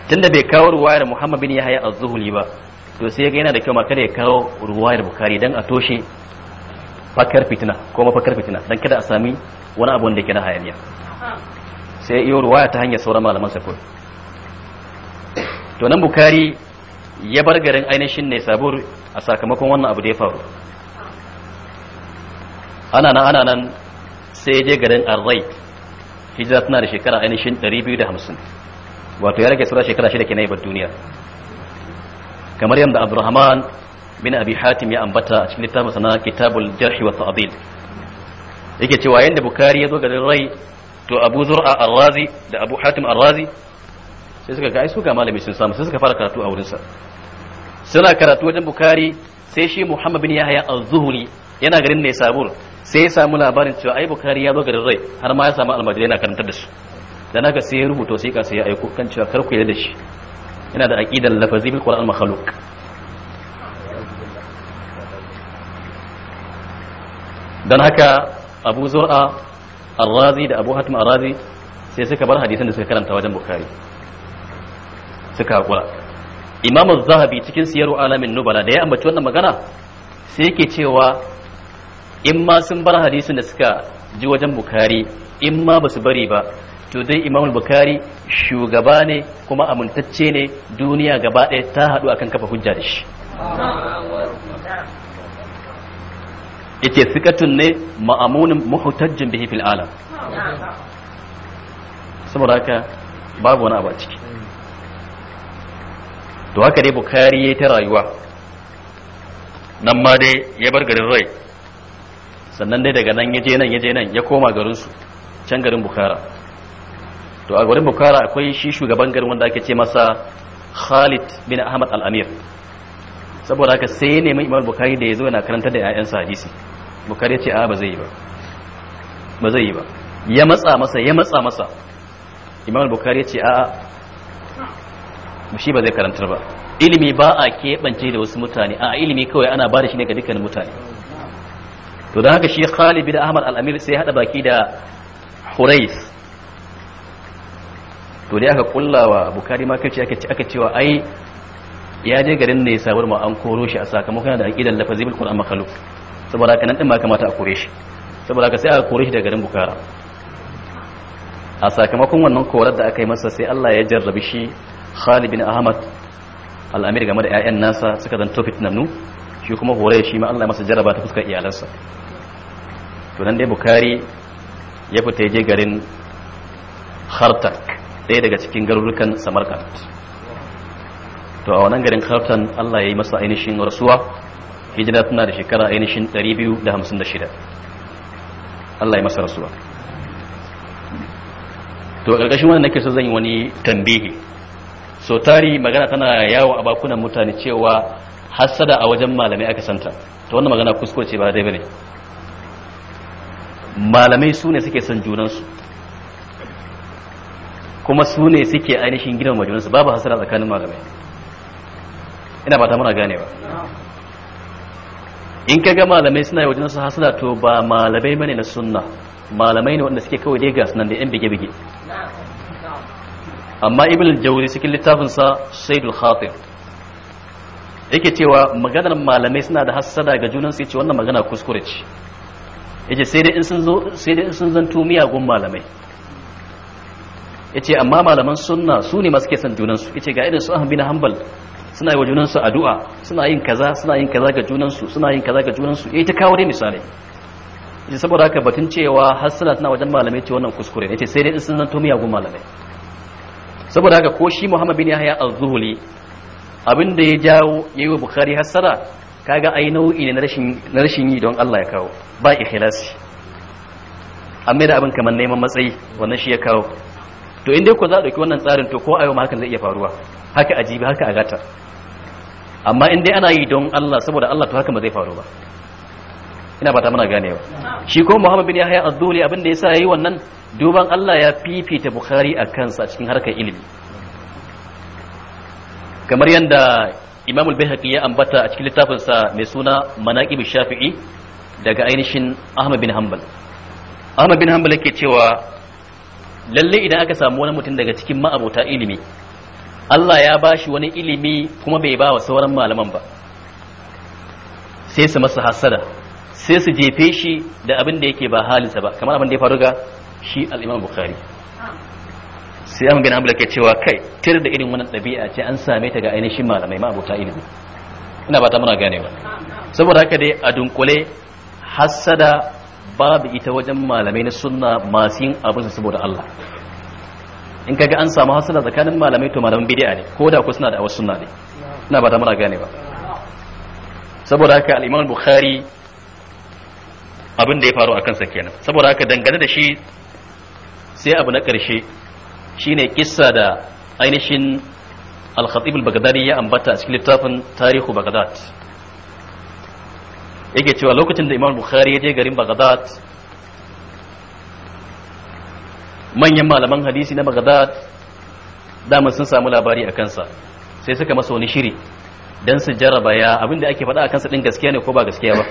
tunda bai kawo ruwayar Muhammad bin Yahya az-Zuhli ba to sai ga yana da kyau makare kada ya kawo ruwayar Bukhari dan a toshe fakar fitina ko fakar fitina dan kada a sami wani abu da yake na hayaniya sai iyo ruwaya ta hanyar sauran malaman sa to nan Bukhari ya bar garin ainihin ne sabur a sakamakon wannan abu da ya faru ana nan ana nan sai ya je garin Arzaik hijira tana da shekara ainihin 250 wato ya rage sura shekara shida kenan yabar duniya kamar yadda abdurrahman bin abi hatim ya ambata a cikin littafin sana kitabul jarhi wa ta'dil yake cewa yanda bukari ya zo garin rai to abu zur'a ar-razi da abu hatim ar-razi sai suka ga ai su ga malami sun samu sai suka fara karatu a wurinsa suna karatu wajen bukari sai shi Muhammad bin Yahya az-Zuhri yana garin ne sabur sai ya samu labarin cewa ai Bukhari ya zo garin Rai har ma ya samu almajirai yana karantar da su dan haka sai ya rubuta sai ka sai ya aiko kan cewa kar ku yarda da shi yana da aqidan lafazi bil Qur'an makhluq dan haka Abu Zur'a Ar-Razi da Abu Hatim Ar-Razi sai suka bar hadisan da suka karanta wajen Bukhari suka hakura imamu zahabi cikin siyaru alamin nubala da ya ambaci wannan magana sai yake cewa in ma sun bar hadisin da suka ji wajen bukari in ma ba su bari ba to dai imam Bukhari shugaba ne kuma amintacce ne duniya gaba ɗaya ta haɗu akan kafa hujja da shi yake sikatun ne ma'amunin muhtajjin bihi fil alam saboda haka babu wani abu to haka dai bukari ya ta rayuwa nan ma dai ya bar garin rai sannan dai daga nan ya je nan ya je nan ya koma garinsu can garin bukara to a garin bukara akwai shi shugaban garin wanda ake ce masa khalid bin ahmad al-amir saboda haka sai ya nemi imar bukari da ya zo yana karantar da 'ya'yansa hadisi bukari ya ce a ba zai yi ba ba zai yi ba ya matsa masa ya matsa masa imam bukari ya ce a shi ba zai karantar ba ilimi ba a keɓance da wasu mutane a ilimi kawai ana ba da shi ne ga dukkanin mutane to don haka shi khalid bin ahmad al-amir sai hada baki da hurais to dai aka kullawa bukari ma kai aka cewa ai ya je garin ne sabar ma an koro shi a sakamakon da aqidan lafazi bil qur'an makalu saboda haka nan din ma kamata a kore shi saboda haka sai aka kore shi daga garin bukara a sakamakon wannan korar da aka yi masa sai Allah ya jarrabi shi Khalid bin Ahmad al'amir game da 'ya'yan nasa suka zanto fitnannu shi kuma hore shi ma Allah masa jaraba ta fuskar iyalansa to nan dai bukari ya fita je garin hartak ɗaya daga cikin garurukan samarkand to a wannan garin hartan Allah ya yi masa ainihin rasuwa hijira tana da shekara ainihin 256 Allah ya masa rasuwa to ƙarƙashin wannan nake so zan yi wani tambihi so tari magana tana yawo a bakunan mutane cewa hasada a wajen malamai aka santa ta wannan magana ce ba dai bane malamai su ne suke san junansu kuma su ne suke ainihin gidan junansu babu hasada tsakanin malamai ina ba ta muna ganewa in ka ga malamai suna yau jinsu hasada to ba malamai bane na sunna malamai ne wanda suke kawai dai ga da yan bige-bige amma ibn al-jawzi cikin littafinsa saidul khatib yake cewa maganar malamai suna da hassada ga junan su yace wannan magana kuskure ce yace sai dai in sun zo sai dai in sun zanto miyagun malamai yace amma malaman sunna su ne masu ke son junan su yace ga irin su Ahmad bin Hanbal suna yi wa junan su addu'a suna yin kaza suna yin kaza ga junan su suna yin kaza ga junan su yace ta kawo dai misali yace saboda haka batun cewa hassada tana wajen malamai ce wannan kuskure yace sai dai in sun zanto miyagun malamai saboda haka ko shi Muhammad bin Yahya az-Zuhli abin da ya jawo yayi wa Bukhari hasara kaga ai nau'i ne na rashin na rashin yi don Allah ya kawo ba ikhlasi amma da abin kamar neman matsayi wannan shi ya kawo to in dai ko za a dauki wannan tsarin to ko ayo ma hakan zai iya faruwa haka ajibi haka agata amma in dai ana yi don Allah saboda Allah to haka ba zai faru ba ina ba ta muna gane yau shi ko muhammad bin yahya az-zuhri abin da yasa yayi wannan duban Allah ya fifita bukhari a kansa cikin harkar ilimi kamar yanda imam al ya ambata a cikin littafin sa mai suna manaqib shafi'i daga ainihin ahmad bin hanbal ahmad bin hanbal yake cewa lalle idan aka samu wani mutum daga cikin ma'abota ilimi Allah ya ba shi wani ilimi kuma bai ba wa sauran malaman ba sai su masa hasada sai su jefe shi da abin da yake ba halinsa ba kamar abin da ya faru ga shi al'imam bukari sai an gani abula ke cewa kai tir da irin wannan ɗabi'a ce an same ta ga ainihin malamai ma'abuta ilimi ina ba ta muna ganewa saboda haka dai a dunkule hassada babu ita wajen malamai na sunna masu yin abin su saboda Allah in kaga an samu hassada tsakanin malamai to malaman bid'a ne ko da ku suna da awas sunna ne ina ba ta muna ganewa saboda haka al-Imam Bukhari abin da ya faru a kansa kenan saboda haka dangane da shi sai abu na ƙarshe shine kissa da ainihin al-khatib al-baghdadi ya ambata a cikin littafin tarihu baghdad yake cewa lokacin da imam bukhari ya je garin baghdad manyan malaman hadisi na baghdad dama sun samu labari a kansa sai suka masa wani shiri don su jarraba ya da ake faɗa a kansa ɗin gaskiya ne ko ba gaskiya ba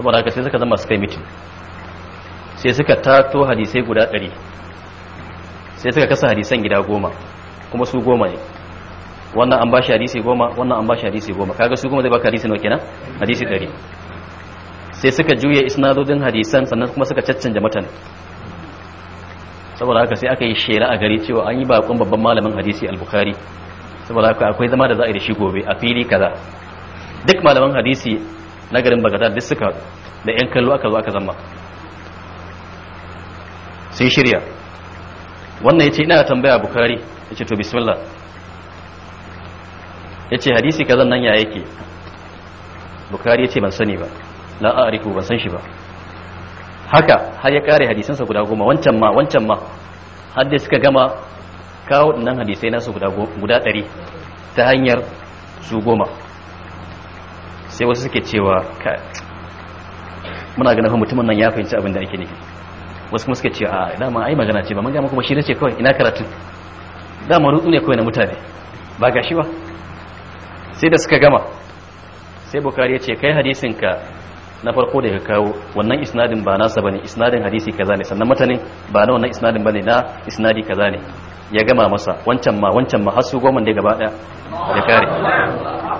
saboda haka sai suka zama suka yi mitin sai suka tato hadisai guda ɗari sai suka kasa hadisan gida goma kuma su goma ne wannan an bashi hadisi goma wannan an bashi hadisi goma kaga su goma zai baka hadisi nawa na hadisi ɗari sai suka juya isnadodin hadisan sannan kuma suka caccanja matan saboda haka sai aka yi shela a gari cewa an yi bakon babban malamin hadisi al-bukhari saboda haka akwai zama da za a yi da shi gobe a fili kaza duk malaman hadisi na garin bagadad duk suka da yan kallo aka zo aka zama sun shirya wannan ya ce ina tambaya bukari ya ce to bismillah ya ce hadisi kaza nan ya yake bukari ya ce ban sani ba la'ariku ban san shi ba haka har ya kare hadisansa guda goma wancan ma wancan ma har da suka gama kawo nan hadisai nasu guda ɗari ta hanyar su goma sai wasu suke cewa ka muna ganin mutumin nan ya fahimci abin da ake nufi wasu kuma suke cewa a dama ai magana ce ba mun ga kuma shi ce kawai ina karatu dama rutsu ne kawai na mutane ba ga shi ba sai da suka gama sai bukari ya ce kai hadisin ka na farko da ka kawo wannan isnadin ba nasa bane isnadin hadisi kaza ne sannan matanin ba na wannan isnadin bane na isnadi kaza ne ya gama masa wancan ma wancan ma har su goma da gaba daya ya kare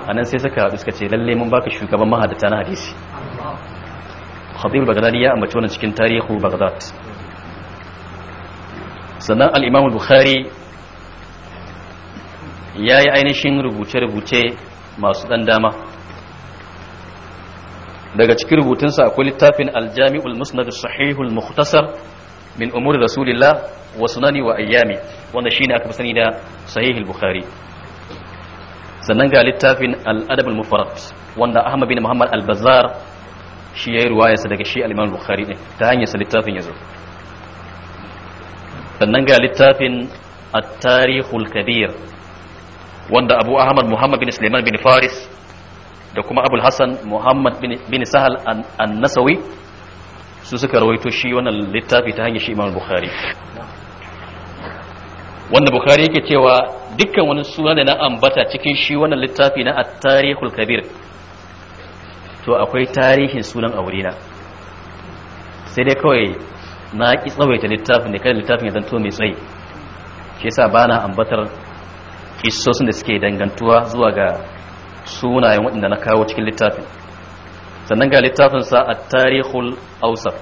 anan sai suka haɗu suka ce lalle mun baka shugaban mahadata na hadisi khatib bagdadi ya ambaci wannan cikin tarihi bagdad sannan al-imam bukhari ya yi ainihin rubuce-rubuce masu ɗan dama daga cikin rubutunsa akwai littafin aljami'ul musnad sahihul mukhtasar min umuri rasulillah wa sunani wa ayyami wanda shine aka sani da sahih al-bukhari sannan ga littafin al-adab al-mufrad wanda ahmad bin muhammad al-bazzar shi yayi ruwayarsa daga shi al-imam bukhari din ta hanyar sa littafin yazo sannan ga littafin at-tarikh al-kabir wanda abu ahmad muhammad bin suleiman bin faris da kuma abul hasan muhammad bin sahal an-nasawi su suka rawaito shi wannan littafi ta hanyar shi imam bukhari wanda bukhari yake cewa dukkan wani suna da na ambata cikin shi wannan littafi na at-tarihul kabir to akwai tarihin sunan aurena sai dai kawai na ki tsawaita littafin da kada littafin ya zanto mai tsayi shi yasa bana ambatar kissosin da suke dangantuwa zuwa ga sunayen waɗanda na kawo cikin littafin sannan ga littafinsa a tarihul awsat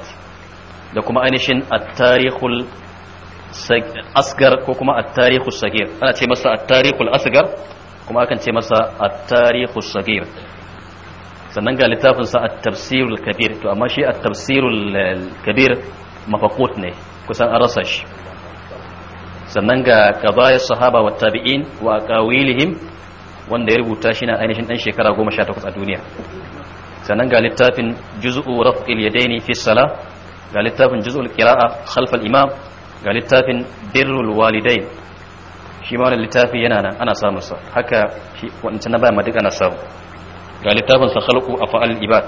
da kuma ainihin a tarihul asgar ko kuma a tarihus sagir ana ce masa a tarihul asgar kuma akan ce masa a tarihus sagir sannan ga littafinsa a tafsirul kabir to amma shi a tafsirul eh, kabir mafaqut ne kusan an rasa shi sannan ga qadaya sahaba wa tabi'in wa aqawilihim wanda ya rubuta shi na ainihin ɗan shekara goma sha takwas a duniya sannan ga littafin juz'u rafqil yadaini fi salah ga littafin juz'ul qira'a khalf al imam ga littafin birrul walidain shi ma wannan littafi yana nan ana samun sa haka shi wancan na ba ma duk ana samu ga littafin sa khalqu afal ibad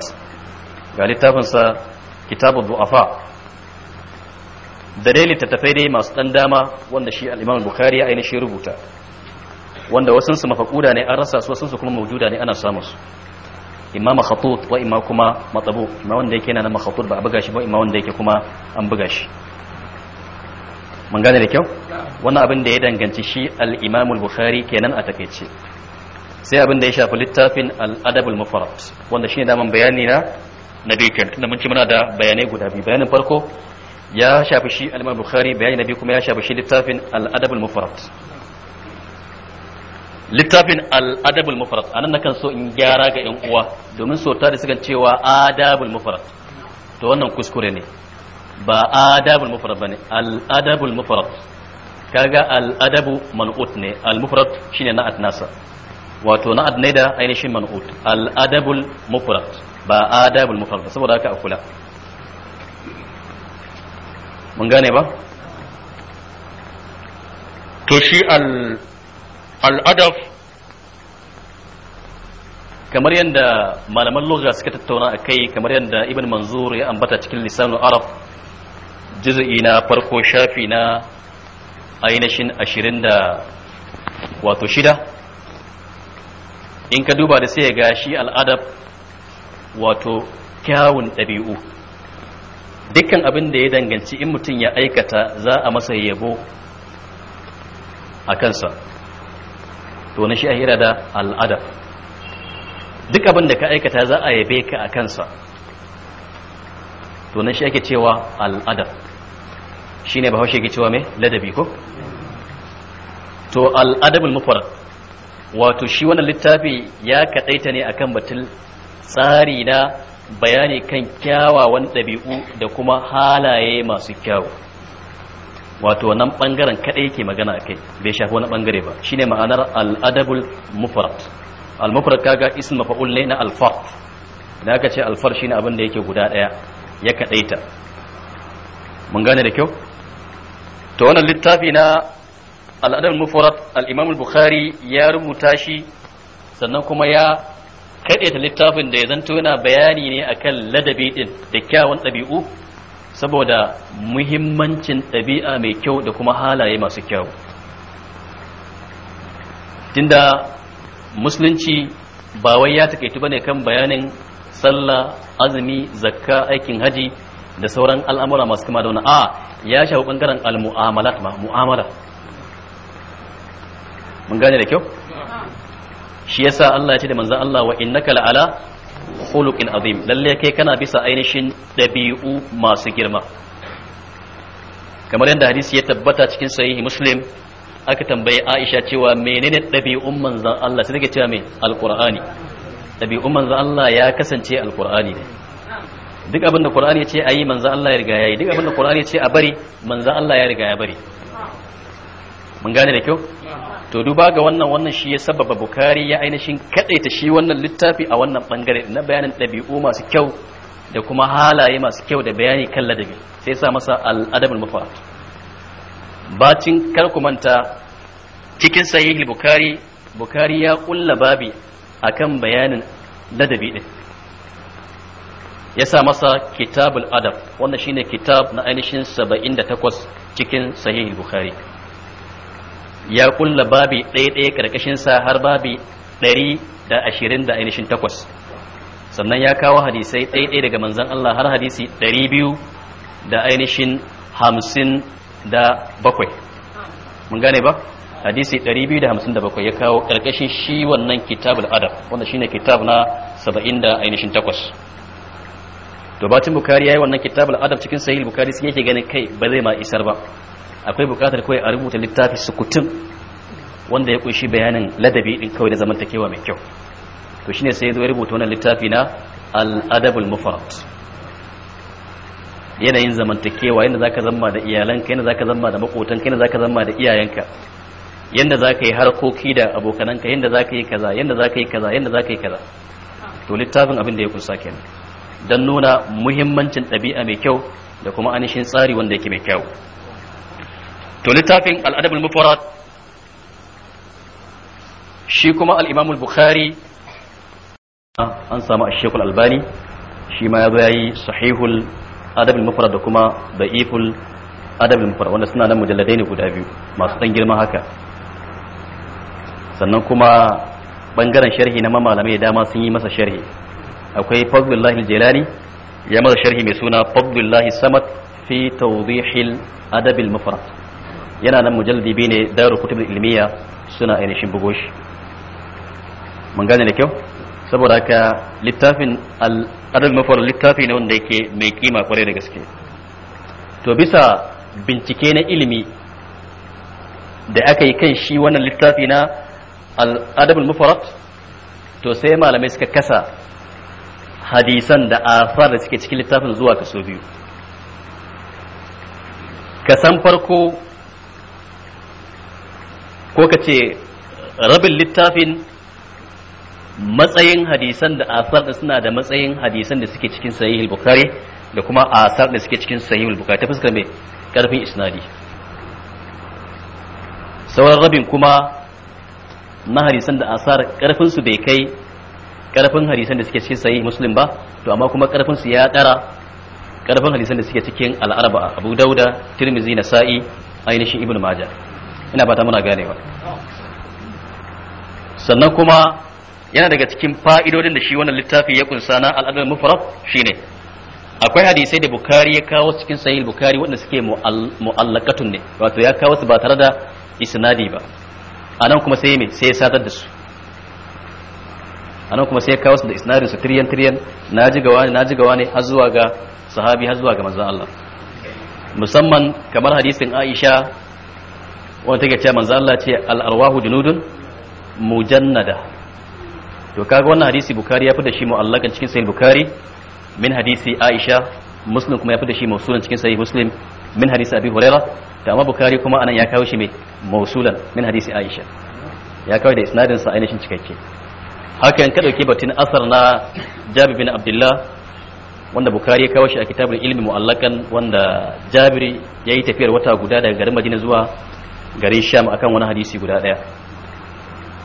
ga littafin sa kitabu du'afa da dai littattafai dai masu dan dama wanda shi al-imam bukhari ya shi rubuta wanda wasansu mafakuda ne an rasa su su kuma maujuda ne ana samun su imma makhatut wa imma kuma matabu imma wanda yake yana na makhatut ba a buga shi ba imma wanda yake kuma an buga shi mun gane da kyau wannan abin da ya danganci shi al-imam al-bukhari kenan a takeice sai abin da ya shafi littafin al-adab al-mufrad wanda shine daman bayani na na biyu kenan tunda mun ci muna da bayanai guda biyu bayanin farko ya shafi shi al-imam bukhari bayani na biyu kuma ya shafi shi littafin al-adab al-mufrad littafin al'adabul mufarat na kan so in gyara ga yan uwa domin so ta da sukan cewa adabul mufarat to wannan kuskure ne ba adabul mufarat ne al'adabul mufarat kaga al'adabu man'ut ne al-mufarat shine na'at nasa wato na'at ne da ainihin man'ut al'adabul mufarat ba adabul mufarat saboda haka a kula mun gane ba to shi al al'adab kamar yadda malaman lura suka tattauna a kai kamar yadda ibn manzur ya ambata cikin lisanin arab juz'i na farko shafi na ainihin ashirin da wato shida in ka duba da sai ga shi al'adab wato kyawun ɗabi'u dukkan abin da ya danganci in mutum ya aikata za a masa yabo a kansa to na shi a hira da al'adab duk abin da ka aikata za a yabe ka a kansa to na shi ake cewa al'adab shi ne bahaushe ke cewa mai ladabi ko to al'adabul mufarad wato shi wannan littafi ya kaɗaita ne akan batun tsari na bayani kan kyawawan ɗabi'u da kuma halaye masu kyawu wato nan bangaren kadai yake magana akai bai shafi wani bangare ba shine ma'anar al-adabul mufrad al-mufrad kaga ism maf'ul ne na al-fard da aka ce al-fard shine abin da yake guda daya ya kadaita mun gane da kyau to wannan littafi na al-adabul mufrad al-imam al-bukhari ya rubuta shi sannan kuma ya kadaita littafin da ya zanto yana bayani ne akan ladabi din da kyawun dabi'u. saboda muhimmancin ɗabi'a mai kyau da kuma halaye masu kyau tunda musulunci ba wai ya ba ne kan bayanin sallah azumi zakka aikin haji da sauran al'amura masu kama da wani a ya shafi bangaren al'mu'amalat ma mu'amala mun gane da kyau shi yasa Allah ya ce da manzon Allah wa innaka la'ala khuluqin azim lalle kai kana bisa ainihin dabi'u masu girma kamar yadda hadisi ya tabbata cikin sahihi muslim aka tambaye Aisha cewa menene dabi'un manzon Allah sai take cewa me alqur'ani dabi'un manzon Allah ya kasance alqur'ani ne duk abin da qur'ani ya ce ayi manzon Allah ya riga yayi duk abin da qur'ani ya ce a bari manzon Allah ya riga ya bari mun gane da kyau to duba ga wannan wannan shi ya sababa bukari ya ainihin kadaita shi wannan littafi a wannan bangare na bayanin dabi'u masu kyau da kuma halaye masu kyau da bayani kan ladabi sai sa masa al'adabul mufrad bacin kar ku manta cikin sahihul bukari bukari ya kulla babi akan bayanin ladabi din ya sa masa kitabul adab wannan shine kitab na ainihin 78 cikin sahihul bukhari ya kulla babi ɗaya-ɗaya ƙarƙashinsa har babi ɗari da ashirin da ainihin takwas sannan ya kawo hadisai ɗaya-ɗaya daga manzan Allah har hadisi ɗari biyu da ainihin hamsin da bakwai mun gane ba hadisi ɗari biyu da hamsin da bakwai ya kawo ƙarƙashin shi wannan kitab al'adab wanda shine kitab na saba'in da ainihin takwas to batun bukari ya yi wannan kitab al'adab cikin sahih bukari sun yake ganin kai ba zai ma isar ba akwai bukatar kawai a rubuta littafi sukutun wanda ya kunshi bayanin ladabi din kawai da zamantakewa mai kyau to shine sai ya zo ya rubuta wannan littafi na al-adabul mufrad yanayin zamantakewa yanda zaka zama da iyalanka yanda zaka zama da makotanka yanda zaka zama da iyayenka yanda zaka yi harkoki da abokananka yanda zaka yi kaza yanda zaka yi kaza yanda zaka yi kaza to littafin abin da ya kunsa kenan don nuna muhimmancin ɗabi'a mai kyau da kuma anishin tsari wanda yake mai kyau to littafin al'adab al-mufrad shi kuma al-imam bukhari an samu ash-shaykh al-albani shi ma yazo yayi sahihul adab al da kuma da'iful adab al-mufrad wanda suna nan mujalladai ne guda biyu masu dan girma haka sannan kuma bangaren sharhi na malamai dama sun yi masa sharhi akwai fadlullahi al-jilani ya masa sharhi mai suna fadlullahi samad fi tawdihil adab al yana nan mujalladi bi ne dairu kutubul ilmiya suna ainihin bugo shi mun gane da kyau saboda haka littafin al-adab mafar littafi ne wanda yake mai kima kwarai da gaske to bisa bincike na ilimi da aka yi kan shi wannan littafi na al-adab al to sai malamai suka kasa hadisan da afar da suke cikin littafin zuwa kaso biyu kasan farko ko ka ce rabin littafin matsayin hadisan da asar da suna da matsayin hadisan da suke cikin sahihul bukhari da kuma asar da suke cikin sahihul bukhari ta fuskar mai karfin isnadi sauran rabin kuma na hadisan da asar karfin su bai kai karfin hadisan da suke cikin sayi muslim ba to amma kuma karfin su ya dara karfin hadisan da suke cikin al'arba abu dauda tirmizi nasa'i ainihin ibnu majah ina fata muna ganewa sannan kuma yana daga cikin fa'idodin da shi wannan littafi ya kunsa na al'adar shi shine akwai hadisai da bukari ya kawo cikin sahih bukari wanda suke mu'allakatun ne wato ya kawo su ba tare da isnadi ba anan kuma sai me sai ya sadar da su anan kuma sai ya kawo su da isnadin su tiriyan na naji gawa ne naji gawa ne har zuwa ga sahabi har zuwa ga manzon Allah musamman kamar hadisin Aisha wanda take cewa manzo Allah ce al-arwahu junudun mujannada to kaga wannan hadisi bukari ya fi da shi mu'allakan cikin sahih bukari min hadisi aisha muslim kuma ya fi da shi mausulan cikin sahih muslim min hadisi abi huraira to amma bukari kuma anan ya kawo shi mai mausulan min hadisi aisha ya kawo da isnadin sa ainihin cikakke haka yan ka dauke batun asar na jabir bin abdullah wanda bukari ya kawo shi a kitabul ilmi mu'allakan wanda jabiri yayi tafiyar wata guda daga garin madina zuwa garin sham akan wani hadisi guda daya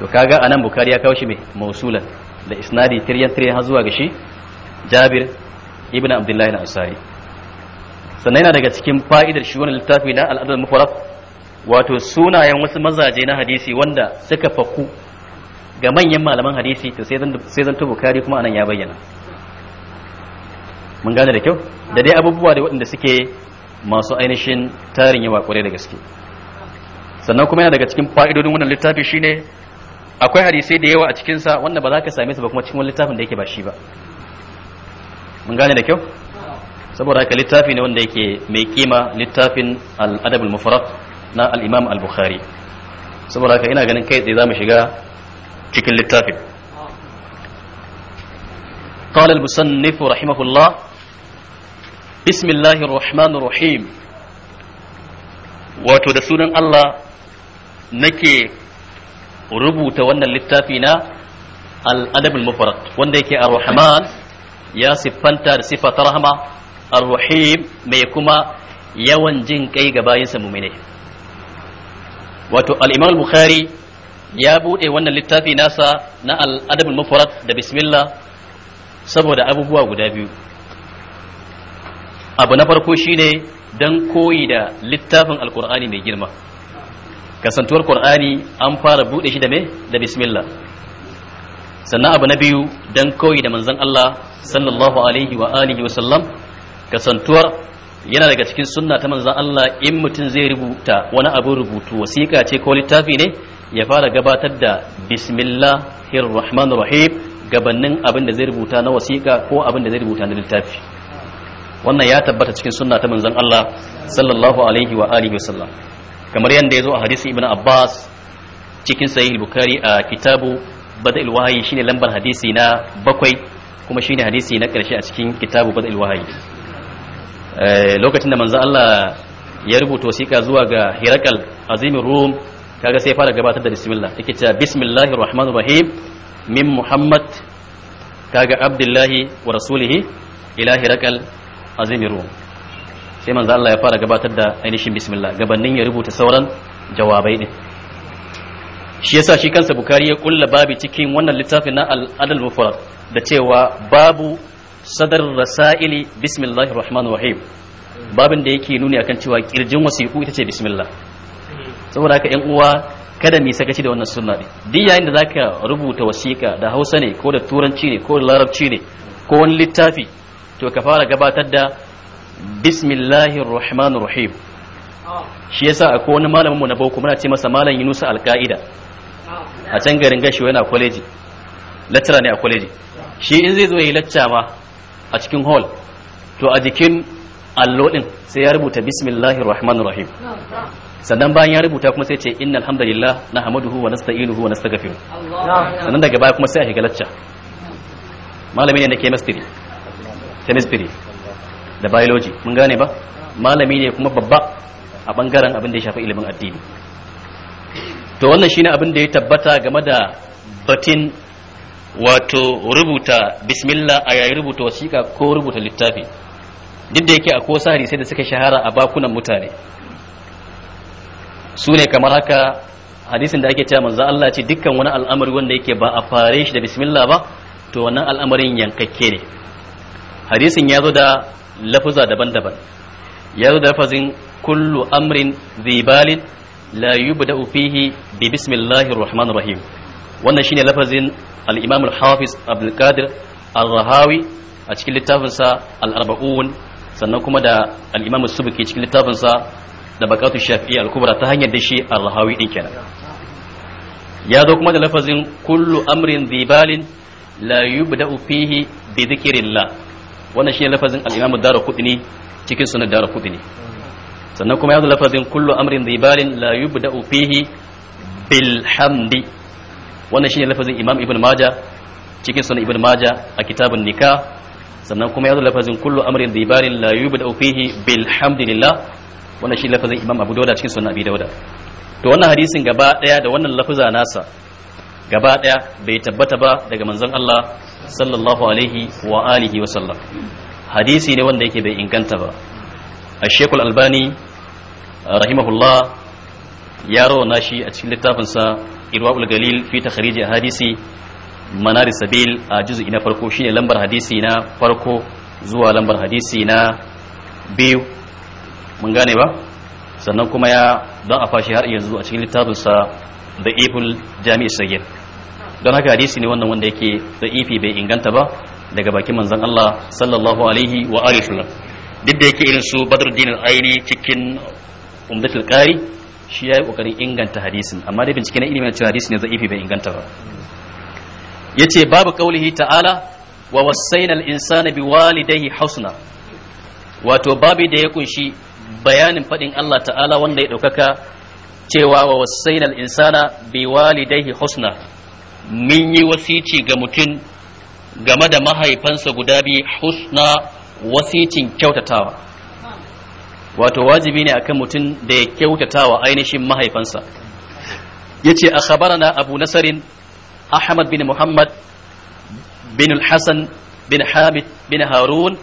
to kaga anan bukari ya kawo shi mai mausulan da isnadi tiryan tiryan har zuwa ga shi jabir ibn abdullahi na Asari. sannan yana daga cikin fa'idar shi wannan littafi na al'adar mufarrad wato sunayen wasu mazaje na hadisi wanda suka faku ga manyan malaman hadisi to sai zan bukari kuma anan ya bayyana mun gane da kyau da dai abubuwa da waɗanda suke masu ainihin tarin yawa kwarai da gaske sannan kuma yana daga cikin fa'idodin wannan littafi shine akwai hadisai da yawa a cikin sa wanda ba za ka same su ba kuma cikin wani littafin da yake ba shi ba mun gane da kyau saboda haka littafi ne wanda yake mai kima littafin al al na al-imam al-bukhari saboda haka ina ganin kai tsaye mu shiga cikin littafin قال المصنف رحمه الله بسم الله الرحمن الرحيم wato da sunan Allah nake rubuta wannan littafi na al-adab al-mufrad wanda yake ar-rahman ya siffanta da sifata rahama ar-rahim mai kuma yawan jin kai ga bayansa mumine wato al-imam bukhari ya buɗe wannan littafi nasa na al-adab da bismillah saboda abubuwa guda biyu abu na farko shine dan koyi da littafin alkur'ani mai girma kasantuwar qur'ani an fara bude shi da me da bismillah sannan abu na biyu dan koyi da manzon Allah sallallahu alaihi wa alihi wa sallam kasantuwar yana daga cikin sunna ta manzon Allah in mutum zai rubuta wani abu rubutu wasiƙa ce ko littafi ne ya fara gabatar da bismillahir rahmanir rahim gabanin abin da zai rubuta na wasiƙa ko abin da zai rubuta na littafi wannan ya tabbata cikin sunna ta manzon Allah sallallahu alaihi wa alihi wa sallam kamar yadda ya zo a hadisi ibn abbas cikin sahih bukari a kitabu badal wahayi shine lambar hadisi na bakwai kuma shine hadisi na karshe a cikin kitabu badal wahayi eh, lokacin da manzo Allah ya rubuta wasiƙa zuwa ga hirakal azimin rum kaga sai fara gabatar da bismillah yake cewa bismillahir rahmanir rahim min muhammad kaga abdullahi wa rasulihi ila hirakal azimin rum sai manzo Allah ya fara gabatar da ainihin bismillah gabanin ya rubuta sauran jawabai din shi yasa shi kansa bukari ya kulla babi cikin wannan littafin na al adl mufrad da cewa babu sadar rasaili bismillahir rahmanir rahim babin da yake nuni akan cewa kirjin wasiku ita ce bismillah saboda haka yan uwa kada mu sakaci da wannan sunna din duk yayin da zaka rubuta wasiƙa da Hausa ne ko da Turanci ne ko da Larabci ne ko wani littafi to ka fara gabatar da bismillahir rahmanir rahim shi yasa akwai wani malamin mu na boko muna ce masa malam Yunus al-Qaida a can garin gashi yana kwaleji lecturer ne a kwaleji shi in zai zo yi lacca ma a cikin hall to a jikin allo din sai ya rubuta bismillahir rahmanir rahim sannan bayan ya rubuta kuma sai ce innal hamdalillah nahmaduhu wa nasta'inuhu wa nastaghfiruh sannan daga baya kuma sai a shiga lecture malamin ne na chemistry chemistry da biology mun gane ba malami ne kuma babba a bangaren abin da ya shafi ilimin addini to wannan shine abin da ya tabbata game da batin wato rubuta bismillah a yayin rubuta wasiƙa ko rubuta littafi duk da yake akwai wasu sai da suka shahara a bakunan mutane su ne kamar haka hadisin da ake cewa manzo Allah ce dukkan wani al'amari wanda yake ba a fare shi da bismillah ba to wannan al'amarin yankakke ne hadisin ya zo da lafuza daban-daban ya zo da lafazin kullu amrin zibalin la yubda'u fihi bi bismillahir rahmanir rahim wannan shine lafazin al-imam al-hafiz abdul qadir al-rahawi a cikin littafinsa al-arba'un sannan kuma da al-imam subki cikin littafinsa da bakatu shafi'i al-kubra ta hanyar da shi al-rahawi din kenan ya zo kuma da lafazin kullu amrin zibalin la yubda'u fihi bi dhikrillah wannan shi lafazin al-imam ad cikin sunan dara darqutni sannan kuma ya zo lafazin kullu amrin dhibalin la yubda'u fihi bil hamdi wannan shi lafazin imam ibn majah cikin sunan ibn majah a kitabun Nika sannan kuma ya zo lafazin kullu amrin dhibalin la yubda'u fihi bil hamdillah wannan shi lafazin imam abu dauda cikin sunan abi dauda to wannan hadisin gaba daya da wannan lafaza nasa gaba ɗaya bai tabbata ba daga manzon Allah sallallahu alaihi wa alihi wa sallam hadisi ne wanda yake bai inganta ba A shekul albani rahimahullah ya rawana shi a cikin littafin sa Irwaul Galil fi takhrij hadisi Manari sabil a juz'i ina farko shine lambar hadisi na farko zuwa lambar hadisi na biyu mun gane ba sannan kuma ya don a fashi har yanzu a cikin littafinsa da iful jami'i sagir don haka hadisi ne wannan wanda yake da ifi bai inganta ba daga bakin manzon Allah sallallahu alaihi wa alihi wasallam duk da yake irin su Badruddin al-Aini cikin Umdatul Qari shi yayi kokarin inganta hadisin amma dai bincike na ilimin cewa hadisi ne da ifi bai inganta ba yace babu qaulihi ta'ala wa wasaina al-insana biwalidayhi husna wato babu da ya kunshi bayanin fadin Allah ta'ala wanda ya daukaka cewa wa wasainal insana bi walidaihi husna munyi yi wasici ga mutum game da mahaifansa guda biyu husna wasicin kyautatawa wato wajibi ne akan mutum da ya kyautatawa ainihin mahaifansa yace a khabarana abu nasarin ahmad bin muhammad bin hasan bin hamid bin harun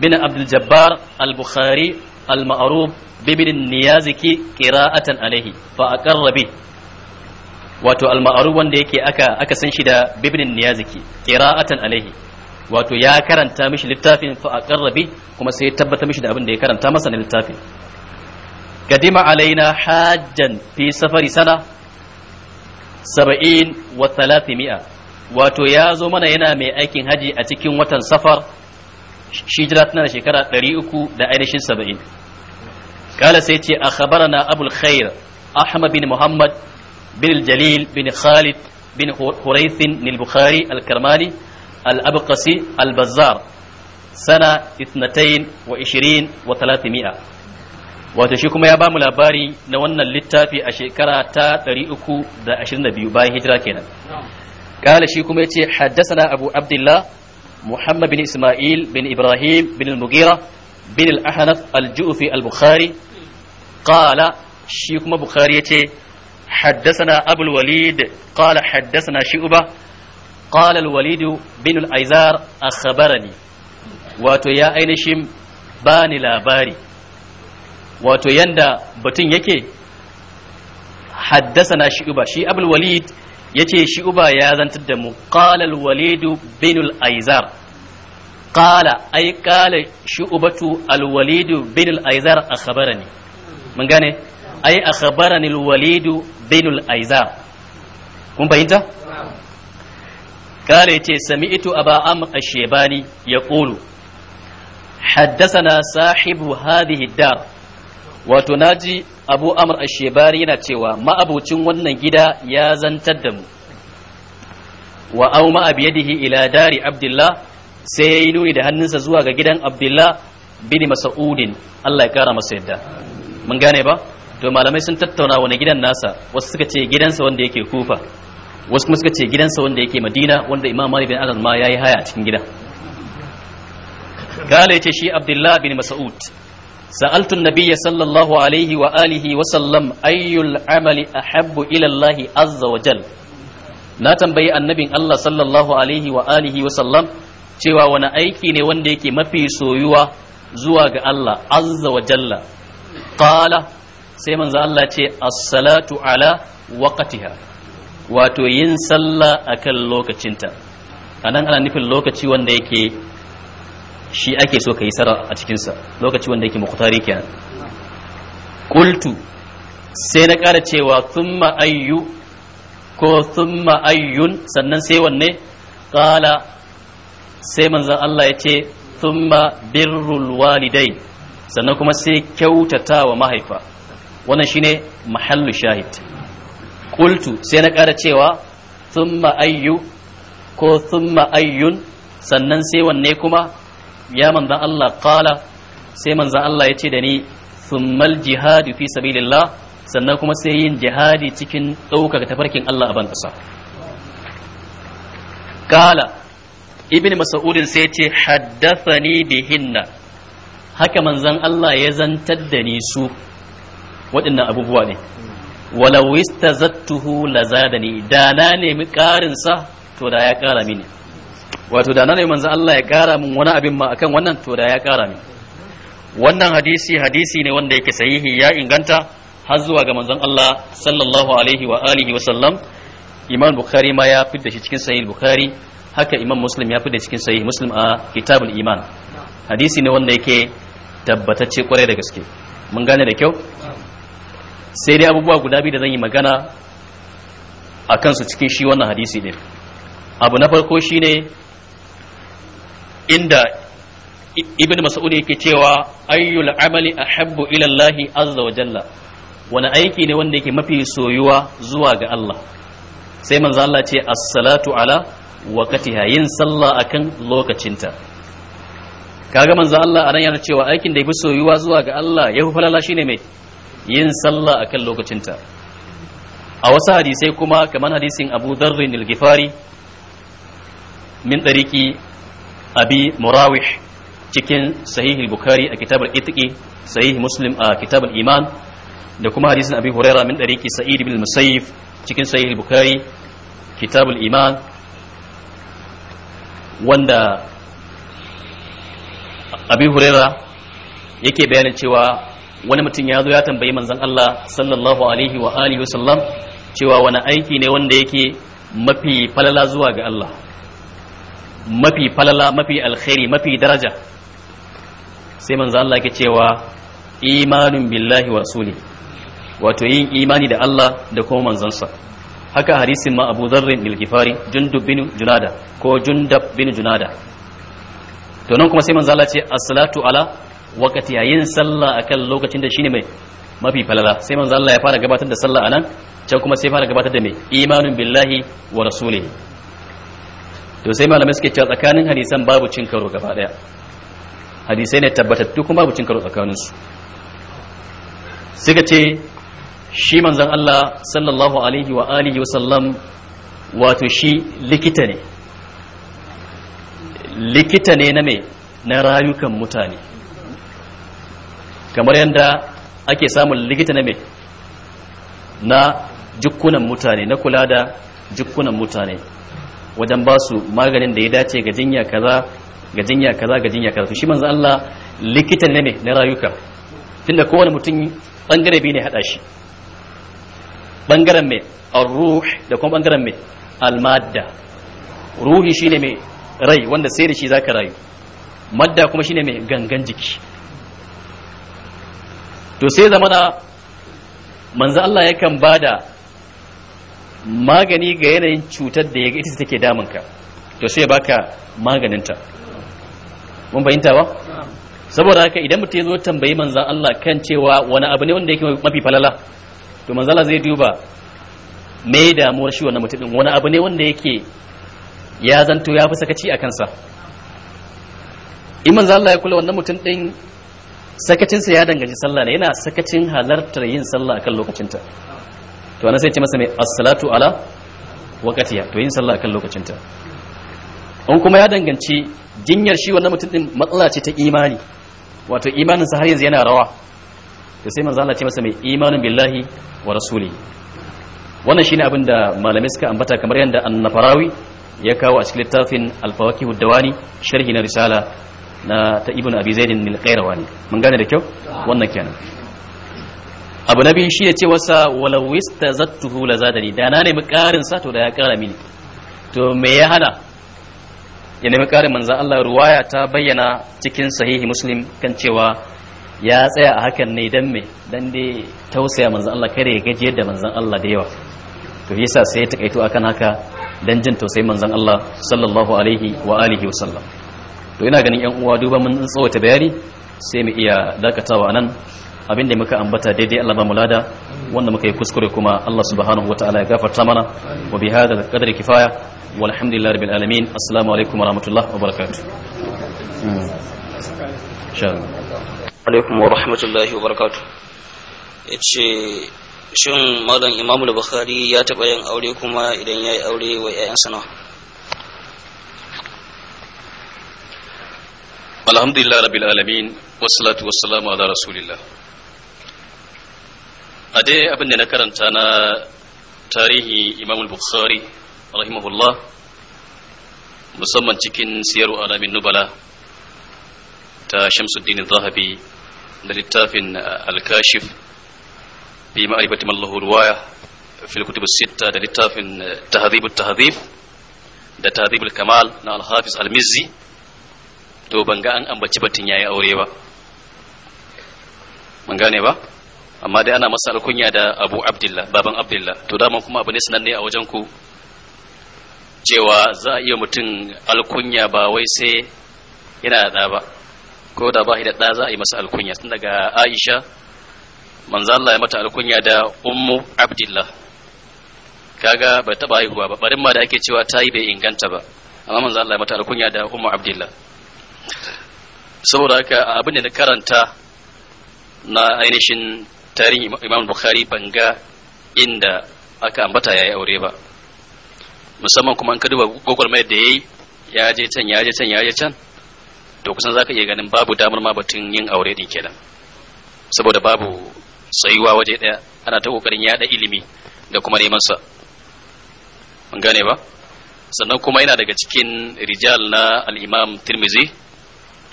bin abdul jabbar al-bukhari al-ma'ruf bibin niyaziki qira'atan alaihi fa aqarra bi wato al-ma'ruf wanda yake aka aka san shi da bibin niyaziki qira'atan alaihi wato ya karanta mishi littafin fa aqarra kuma sai ya tabbata mishi da abin da ya karanta masa na littafin kadima alaina hajjan fi safari sana 70 wa 300 wato ya zo mana yana mai aikin haji a cikin watan safar shijira tana da shekara 300 da kala sai ce akhbarana abul khair ahmad bin muhammad bin jalil bin khalid bin hurayth Nilbukhari bukhari al-karmani al-abqasi al-bazzar sana 22 wa 20 wa 300 wato shi kuma ya ba mu labari na wannan littafi a shekara ta 322 bayan hijira kenan kala shi kuma yace haddathana abu abdullah محمد بن إسماعيل بن إبراهيم بن المغيرة بن الأحنف الجوفي البخاري قال شيكما بخاري حدثنا أبو الوليد قال حدثنا شعبة قال الوليد بن الأيزار أخبرني wato ya ainihin ba ni labari wato yanda batun yake haddasa na shi uba shi abulwalid yace shi uba ya zantar da mu qala al-walid bin al-aizar qala ay qala shi ubatu al-walid bin al-aizar akhbarani mun gane ay akhbarani al-walid bin al-aizar kun fahimta قال يتي سمعت أبا أمر الشيباني يقول حدثنا صاحب هذه الدار وتناجي abu amr ashebari yana cewa ma'abucin wannan gida ya zantar da mu wa au yadihi ila dari abdullah sai ya yi nuni da hannunsa zuwa ga gidan abdullah bin masa'udin allah ya kara masa yadda mun gane ba to malamai sun tattauna wani gidan nasa wasu suka ce gidansa wanda yake kufa wasu kuma suka ce gidansa wanda yake madina wanda imam malik bin anas ma yayi haya a cikin gida. Kale ce shi abdullah bin mas'ud سألت النبي صلى الله عليه وآله وسلم أي العمل أحب إلى الله عز وجل na tambayi annabin Allah sallallahu alaihi wa alihi wa sallam cewa wani aiki ne wanda yake mafi soyuwa zuwa ga Allah azza wa jalla qala sai manzo Allah ce as-salatu ala waqtiha wato yin sallah akan lokacinta anan ana nufin lokaci wanda yake shi ake so ka yi sara a cikinsa lokaci wanda yake mukhtari kenan qultu sai na ƙara cewa thumma ayyu ko thumma ayyun sannan sai wanne qala sai manzon Allah ya ce thumma birrul walidai sannan kuma sai kyautata wa mahaifa wannan shine mahallu shahid qultu sai na ƙara cewa thumma ayyu ko thumma ayyun sannan sai wanne kuma ya manzan Allah qala sai manza Allah ya ce da ni summal jihadi fi sabilillah sannan kuma sai yin jihadi cikin ɗaukar tafarkin Allah a ban ƙasa Ƙala, ibn mas'udin sai ce haddathani bihinna haka manzan Allah ya zantar da ni su waɗannan abubuwa ne walau istazattuhu lazadani da na nemi ƙarinsa to da ya ƙara mini wato da nan manzo Allah ya kara min wani abin ma akan wannan to da ya kara min wannan hadisi hadisi ne wanda yake sahihi ya inganta har zuwa ga manzon Allah sallallahu alaihi wa alihi wa sallam Imam Bukhari ma ya fidda shi cikin sahih Bukhari haka Imam Muslim ya fidda cikin sahih Muslim a Kitabul Iman hadisi ne wanda yake tabbatacce kwarai da gaske mun gane da kyau sai dai abubuwa guda biyu da zan yi magana a kansu cikin shi wannan hadisi din abu na farko shine inda ibn mas'ud yake cewa ayyul amali ahabbu ila Allah azza wa jalla wani aiki ne wanda yake mafi soyuwa zuwa ga Allah sai manzo Allah ce as-salatu ala waqtiha yin sallah akan lokacinta kaga manzo Allah anan yana cewa aikin da yafi soyuwa zuwa ga Allah yafi falala shine mai yin sallah akan lokacinta a wasu hadisai kuma kamar hadisin Abu Dharr al-Ghifari min dariki abi murawih cikin sahih al a kitab al-itqi muslim a kitab iman da kuma hadisin abi huraira min dariki sa'id ibn musayyib cikin sahih iman wanda abi yake bayanin cewa wani mutum ya zo ya tambayi manzon Allah sallallahu alaihi wa alihi wasallam cewa wani aiki ne wanda yake mafi falala zuwa ga Allah mafi falala mafi alkhairi mafi daraja sai manzo Allah yake cewa imanun billahi wa rasuli wato yin imani da Allah da kuma manzansa haka hadisin ma Abu Dharr bin Gifari Jundub bin Junada ko Jundab bin Junada to nan kuma sai manzo Allah ce as-salatu ala waqti yayin sallah akan lokacin da shine mai mafi falala sai manzo Allah ya fara gabatar da sallah anan can kuma sai fara gabatar da mai imanun billahi wa rasulihi to sai malamai suke cewa tsakanin hadisan babu cin karo gaba daya hadisai ne tabbatattu kuma babu cin karo tsakaninsu suka ce shi manzon Allah sallallahu alaihi wa alihi wasallam wato shi likita ne likita ne na me na rayukan mutane kamar yadda ake samun likita na me na jukkunan mutane na kula da jukkunan mutane wajen ba su maganin da ya dace ga jinya kaza ga jinya kaza ga jinya kaza to shi manzo Allah likitan ne na rayuka tunda kowane mutum bangare biyu ne hada shi bangaren mai ar-ruh da kuma bangaren mai al-madda ruhi shine mai rai wanda sai da shi zaka rayu madda kuma shine mai gangan jiki to sai zamana manzo Allah yakan bada magani ga yanayin cutar da ya ga ita take damunka to sai baka maganinta mun bayyanta ba saboda haka idan mutum ya zo tambayi manzan Allah kan cewa wani abu ne wanda yake mafi falala to manzan Allah zai duba me damuwar shi wannan mutumin wani abu ne wanda yake ya zanto ya fi sakaci a kansa in manzan Allah ya kula wannan mutum din sakacinsa ya danganci sallah ne yana sakacin halartar yin sallah akan lokacinta to ana sai ce masa mai as ala waqtiha to yin sallah kan lokacinta an kuma ya danganci jinyar shi wannan mutum din matsala ce ta imani wato sa har yanzu yana rawa to sai manzo Allah ce masa mai imanin billahi wa rasuli wannan shine abin da malamai suka ambata kamar yadda annafarawi ya kawo a cikin littafin alfawakihu dawani sharhi na risala na ta ibnu abi zaidin al-qayrawani mun gane da kyau wannan kenan abu na biyu shine cewa sa walau istazattuhu la zadani da na nemi karin sa to da ya kara mini to me ya hana ya nemi karin manzo Allah ruwaya ta bayyana cikin sahihi muslim kan cewa ya tsaya a hakan ne dan me dan dai tausaya manzo Allah kare ya gajiyar da manzo Allah da yawa to yasa sai ya takaito akan haka dan jin tausayin manzan Allah sallallahu alaihi wa alihi wa sallam to ina ganin yan uwa duba mun tsawata bayani sai mu iya dakatawa nan abinda muka ambata daidai Allah ba mulada wanda muka yi kuskure kuma Allah subhanahu wataala ya gafarta mana wa bi hada qadri kifaya walhamdulillahi rabbil alamin assalamu alaikum warahmatullahi wabarakatuh hmm. alaikum wa rahmatullahi wa barakatu ya ce shin malam imamu da bukhari ya taba yin aure kuma idan ya aure wa 'ya'yansa nawa alhamdulillah rabbil alamin wasu salatu wasu salamu ala rasulillah a dai abin da na karanta na tarihi imam al-bukhari rahimahullah musamman cikin siyaru alamin nubala ta shamsuddin zahabi da littafin uh, al-kashif bi ma'rifati mallahu ruwaya fil kutub sitta da littafin uh, tahdhib at-tahdhib da tahdhib al-kamal na al-hafiz al-mizzi to banga an ambaci batun yayi aure ba mun gane ba amma dai ana masa alkunya da abu abdullah baban abdullah to daman kuma abu ne sananne a wajen ku cewa za a iya mutum alkunya ba wai sai yana da ba ko da ba da da za a yi masa alkunya tun daga aisha manzo Allah ya mata alkunya da ummu abdullah kaga bai taba haihuwa ba barin ma da ake cewa ta yi bai inganta ba amma manzo Allah ya mata alkunya da ummu abdullah saboda haka abin da na karanta na ainihin tarihi imam bukhari ban ga inda aka ambata ya yi aure ba musamman kuma an ka duba mai da yayi ya je can ya je can ya je can to kusan zaka iya ganin babu damar ma batun yin aure din kenan saboda babu tsayuwa waje daya ana ta kokarin yada ilimi da kuma neman sa mun gane ba sannan kuma yana daga cikin rijal na Alimam tirmizi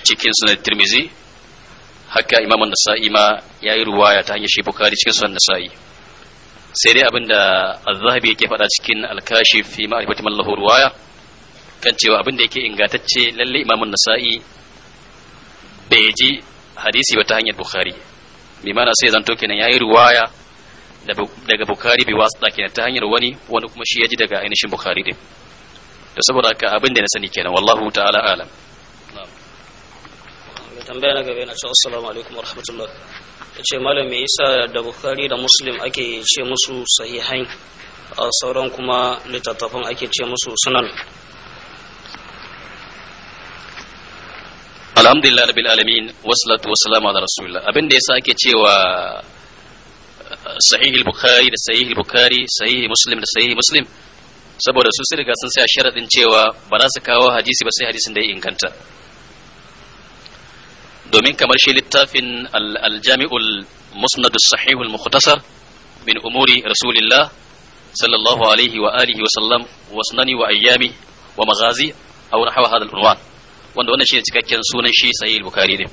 cikin sunan tirmizi haka imam an-nasa'i ma yayi ruwaya ta hanyar shi bukhari cikin sunan nasa'i sai dai abinda az-zahabi yake faɗa cikin al-kashif fi ma'rifati man lahu ruwaya kan cewa abinda yake ingantacce lalle imam an-nasa'i bai ji hadisi ba ta hanyar bukhari bi ma'ana sai zanto kenan yayi ruwaya daga bukhari bi wasita kenan ta hanyar wani wani kuma shi ya ji daga ainihin bukhari din to saboda haka abinda na sani kenan wallahu ta'ala alam tambaya na gaba yana cewa assalamu alaikum warahmatullah ya ce malam me yasa da bukhari da muslim ake ce musu sahihan a sauran kuma littattafan ake ce musu sunan alhamdulillah rabbil alamin wassalatu wassalamu ala rasulillah abin da yasa ake cewa sahih bukhari da sahih bukhari sahih muslim da sahih muslim saboda su sun riga sun sai a sharadin cewa ba za su kawo hadisi ba sai hadisin da ya inganta domin kamar shi littafin aljami'ul musnadus sahihul mukhtasar min umuri rasulillah sallallahu alaihi wa alihi wa sallam wa wa ayyami wa magazi aw nahwa hadha al-unwan wanda wannan shi cikakken sunan shi sahih bukhari ne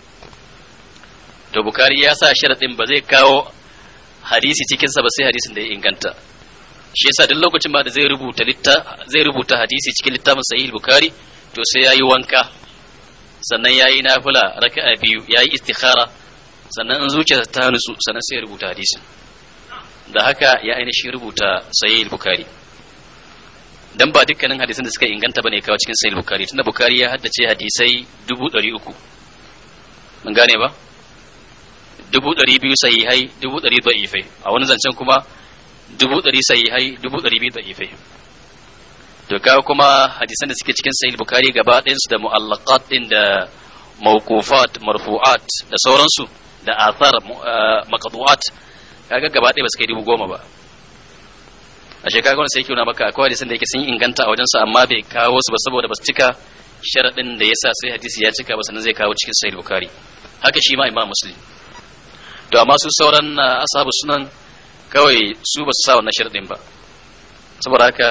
to bukhari ya sa sharadin ba zai kawo hadisi cikin sa ba sai hadisin da ya inganta shi yasa duk lokacin ba da zai rubuta litta zai rubuta hadisi cikin littafin sahih bukhari to sai yayi wanka sannan ya yi nafila raka'a biyu ya yi istikhara sannan in zuciya ta nutsu sannan sai rubuta hadisin da haka ya ainihin rubuta sahih bukhari dan ba dukkanin hadisin da suka inganta bane kawo cikin sahih bukhari tunda bukhari ya haddace hadisai 300 mun gane ba 200 sahihai 200 da'ifai a wani zancen kuma 200 sahihai 200 da'ifai to ga kuma hadisan da suke cikin sahih bukhari gaba ɗayan su da mu'allaqat din da mawqufat marfu'at da sauransu da athar eh, maqdu'at kaga gaba ɗaya ba su kai dubu goma ba a shekara gwamnati sai kiuna maka akwai hadisan da yake sun inganta a wajensu amma bai kawo su ba saboda ba su cika sharaɗin da yasa sai hadisi ya cika ba sannan zai kawo cikin sahih bukhari haka shi ma imam muslim to amma su sauran eh, ashabu sunan kawai su ba su sa wannan sharaɗin ba saboda haka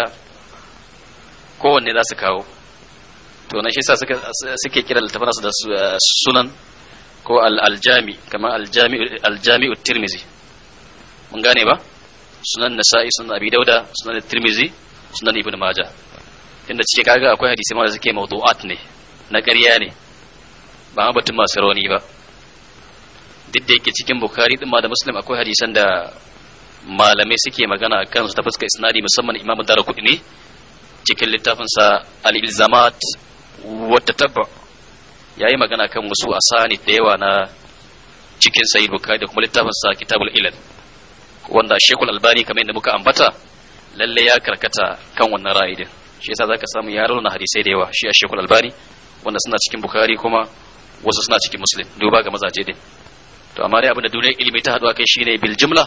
kowanne za su kawo to na shi sa suke kira littafin da eh, sunan ko al-aljami kamar al-jami tirmizi mun gane ba sunan nasa'i sunan abi dauda sunan tirmizi sunan ibn majah inda cike kaga akwai hadisi ma da suke mawdu'at ne na ƙarya ne ba ma batun masu rauni ba duk da yake cikin bukhari din ma da muslim akwai hadisan da malamai suke magana a su ta fuskar isnadi musamman imamu darakudi ne cikin littafinsa al-ilzamat wata tabba ya yi magana kan wasu asani da yawa na cikin sayi bukari da kuma littafinsa kitabul ilal wanda shekul albani kamar yadda muka ambata lalle ya karkata kan wannan ra'ayi shi yasa zaka samu ya rauna hadisai da yawa shi a shekul albani wanda suna cikin bukari kuma wasu suna cikin muslim duba ga mazaje din to amma dai abin da duniyar ilimi ta haɗu kai shine bil jumla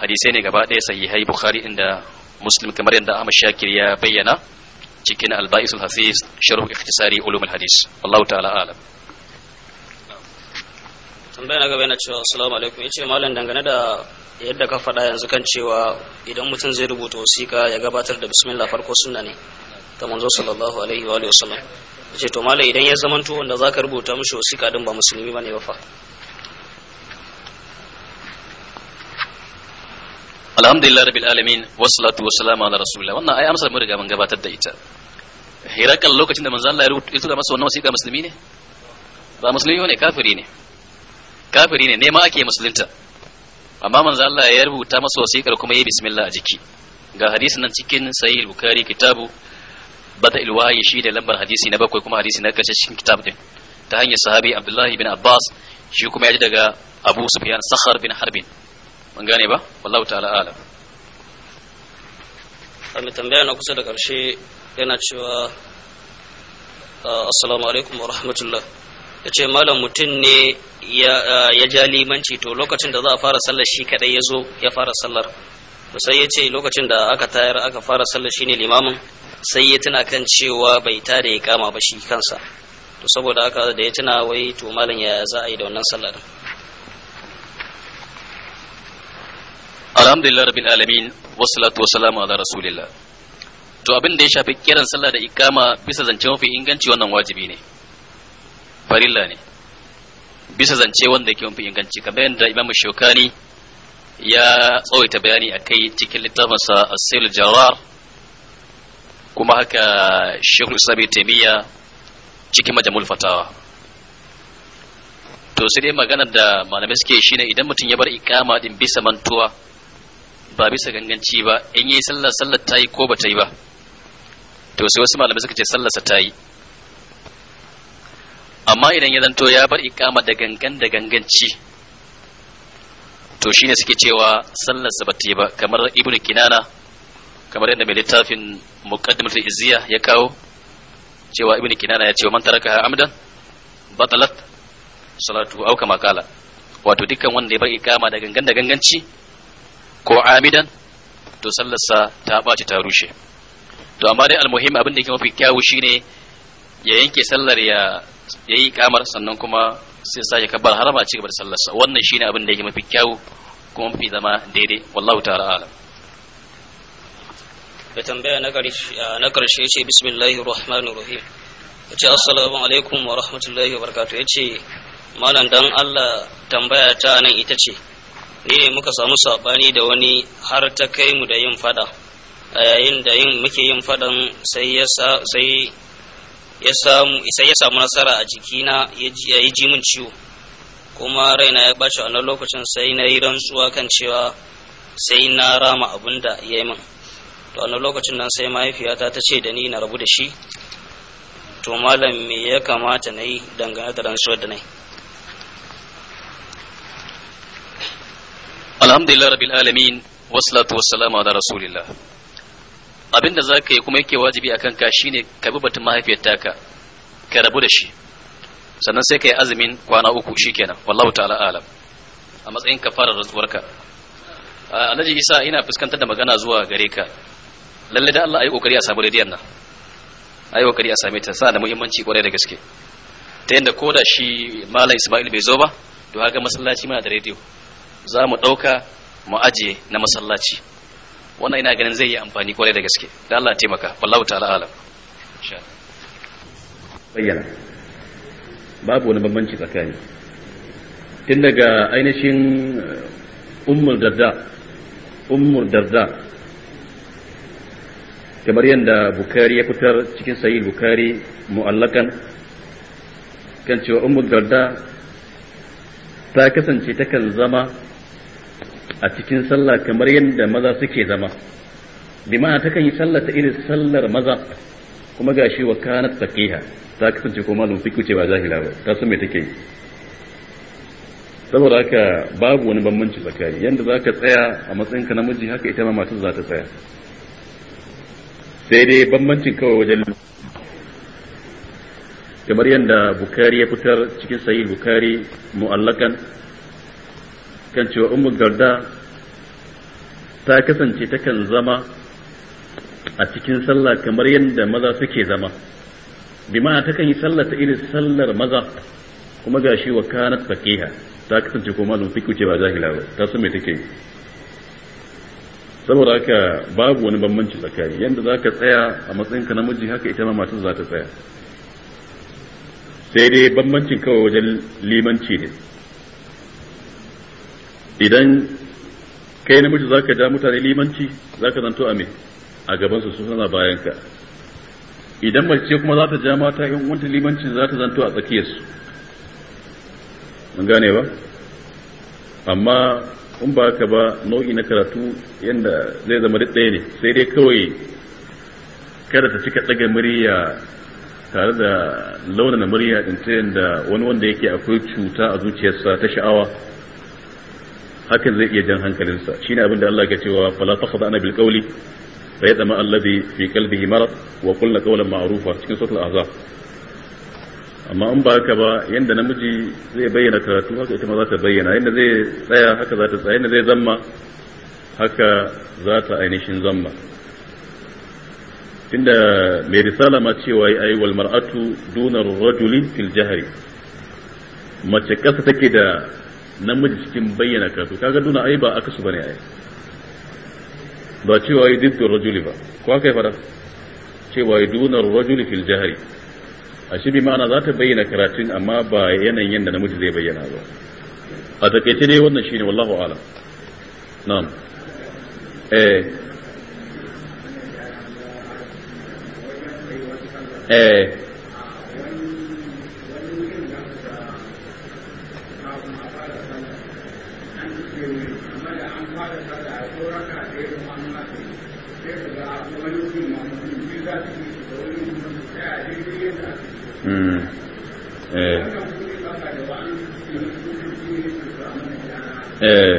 hadisai ne gaba ɗaya sahihai bukhari inda muslim kamar yadda Ahmad Shakir ya bayyana cikin Al-Ba'isul Hafiz sharh ikhtisari ulum hadis wallahu ta'ala alam tambaya na gaba yana cewa assalamu alaikum yace malam dangane da yadda ka faɗa yanzu kan cewa idan mutum zai rubuta wasiƙa ya gabatar da bismillah farko sunna ne ta manzo sallallahu alaihi wa sallam yace to malam idan ya zamanto wanda zaka rubuta mishi wasiƙa din ba musulmi bane ba fa alhamdulillah rabbil alamin wassalatu wassalamu ala rasulillah wannan ai amsar mu riga mun gabatar da ita hirakan lokacin da manzo Allah ya masa wannan wasiƙa musulmi ne ba musulmi ne kafiri ne kafiri ne ne ma ake musulunta amma manzo Allah ya rubuta masa wasiƙar kuma yi bismillah a jiki ga hadisin nan cikin sahih bukhari kitabu ilwayi shi da lambar hadisi na bakwai kuma hadisi na karshe cikin kitab din ta hanyar sahabi abdullahi bin abbas shi kuma ya ji daga abu sufyan sakhar bin harbin mun gane ba wallahu ta'ala alam mai tambaya na kusa da ƙarshe yana cewa ah, assalamu alaikum wa rahmatullah ya ce malam mutum ne ah, ya ja limanci to lokacin da za a fara sallar shi kadai ya zo ya fara sallar to sai ya ce lokacin da aka tayar aka fara sallar shi ne limamin sai ya tuna kan cewa bai ta da ya kama ba shi kansa to saboda haka da ya tuna wai to malam ya za a yi da wannan sallar alhamdulillah rabbil alamin wassalatu wassalamu ala rasulillah to abin da ya shafi kiran sallah da ikama bisa zance mafi inganci wannan wajibi ne farilla ne bisa zance wanda yake mafi inganci kamar yadda Imam shokani ya tsawaita bayani a kai cikin sa asil jawar kuma haka shekul sabi taimiyya cikin majamul fatawa to sai dai magana da malamai suke shine idan mutum ya bar ikama din bisa mantuwa ba bisa ganganci ba in yi sallar sallar ta yi ko ba ta yi ba to sai wasu malamai suka ce sallarsa ta yi amma idan ya zanto ya bar ikama da gangan da ganganci to shine suke cewa sallarsa ba ta yi ba kamar ibnu kinana kamar yadda mai littafin muqaddimatul izziya ya kawo cewa ibnu kinana ya ce man taraka amdan batalat salatu au kama kala wato dukkan wanda ya bar ikama da gangan da ganganci ko amidan to sallarsa ta ɓaci ta rushe to amma dai almuhim abin da yake mafi kyawu shine ya yanke sallar ya yayi kamar sannan kuma sai sa ya kabbar harama ci gaba da sallarsa wannan shine abin da yake mafi kyawu kuma mafi zama daidai wallahu ta'ala alam da tambaya na karshe na karshe yace bismillahir rahmanir rahim yace assalamu alaikum wa rahmatullahi wa barakatuh yace malam dan Allah tambaya ta nan ita ce ni eh, ne muka samu saɓani da wani har ta kai mu da yin fada a yayin da yin muke yin fadan sai ya sai ya samu sai ya samu nasara a jikina ya yi ji min ciwo kuma raina ya bace a lokacin sai na yi rantsuwa kan cewa sai na rama abin da ya yi min to a lokacin nan sai mahaifiyata ta ce da ni na rabu da shi to malam me ya kamata na yi dangane da rantsuwar da na alhamdulillah rabbil alamin wassalatu wassalamu ala rasulillah abinda zaka yi kuma yake wajibi akan ka shine ka bi batun mahaifiyar taka ka rabu da shi sannan sai ka yi azumin kwana uku shikenan wallahu ta'ala alam a matsayin kafarar rantsuwarka alhaji isa ina fuskantar da magana zuwa gare ka lalle da Allah ayi kokari a samu rediyon nan ayi kokari a same ta sa da muhimmanci kwarai da gaske ta yadda ko da shi malam Ismail bai zo ba to haka masallaci mana da rediyo za mu ɗauka mu ajiye na masallaci wannan ina ganin zai yi amfani kwarai da gaske da Allah taimaka wallahu ta'ala alam bayyana babu wani bambanci tsakani tun daga ainihin eh, ummul darda ummul darda kamar yadda bukari ya fitar cikin sayi bukari mu'allakan kan cewa ummul darda ta kasance takan zama a cikin sallah kamar yadda maza suke zama bi ta takan yi sallah ta irin sallar maza kuma gashi wa kanat faqiha ta kasance ko malum fiqh ce ba jahila ba ta san me take yi saboda haka babu wani bambanci tsakani yanda zaka tsaya a matsayin ka namiji haka ita ma matar za ta tsaya sai dai bambancin kawai wajen kamar yadda bukari ya fitar cikin sahih bukari mu'allakan kan cewa ummu garda ta kasance takan zama a cikin sallah kamar yadda maza suke zama bi ta kan yi sallah ta irin sallar maza kuma gashi wa kanat faqiha ta kasance kuma malum fiqh ce ba jahila ba ta san me take yi saboda haka babu wani bambanci tsakani yadda za ka tsaya a matsayin ka namiji haka ita ma matar za ta tsaya sai dai bambancin kawai wajen limanci ne idan kai namiji zaka ja mutane limanci zaka zanto a me a gaban su suna bayan ka idan mace kuma za ta ja mata yan wanda limanci za ta zanto a tsakiyar mun gane ba amma in ba ka ba nau'i na karatu yadda zai zama duk ɗaya ne sai dai kawai kada ta cika ɗaga murya tare da launin murya ɗin ta yadda wani wanda yake akwai cuta a zuciyarsa ta sha'awa hakan zai iya jan hankalinsa shine abin da Allah ke cewa fala ana bil qawli fa yadma alladhi fi qalbihi marad wa qulna qawlan ma'rufa cikin suratul ahzab amma in ba haka ba yanda namiji zai bayyana karatu haka ita ma za ta bayyana yanda zai tsaya haka za ta tsaya yanda zai zamma haka za ta ainihin zamma tunda mai risala ma cewa ai wal mar'atu dunar rajuli fil jahri mace kasa take da namiji cikin bayyana karatu kaga duna ai ba aka su bane ai ba cewa yi diddu rajuli ba ko aka yi fara cewa yi duna rajuli fil jahari a shi bi ma'ana za ta bayyana karatun amma ba yanayin yadda namiji zai bayyana ba a takaice dai wannan shine wallahu alam na'am eh eh Hmm. Eh. Eh.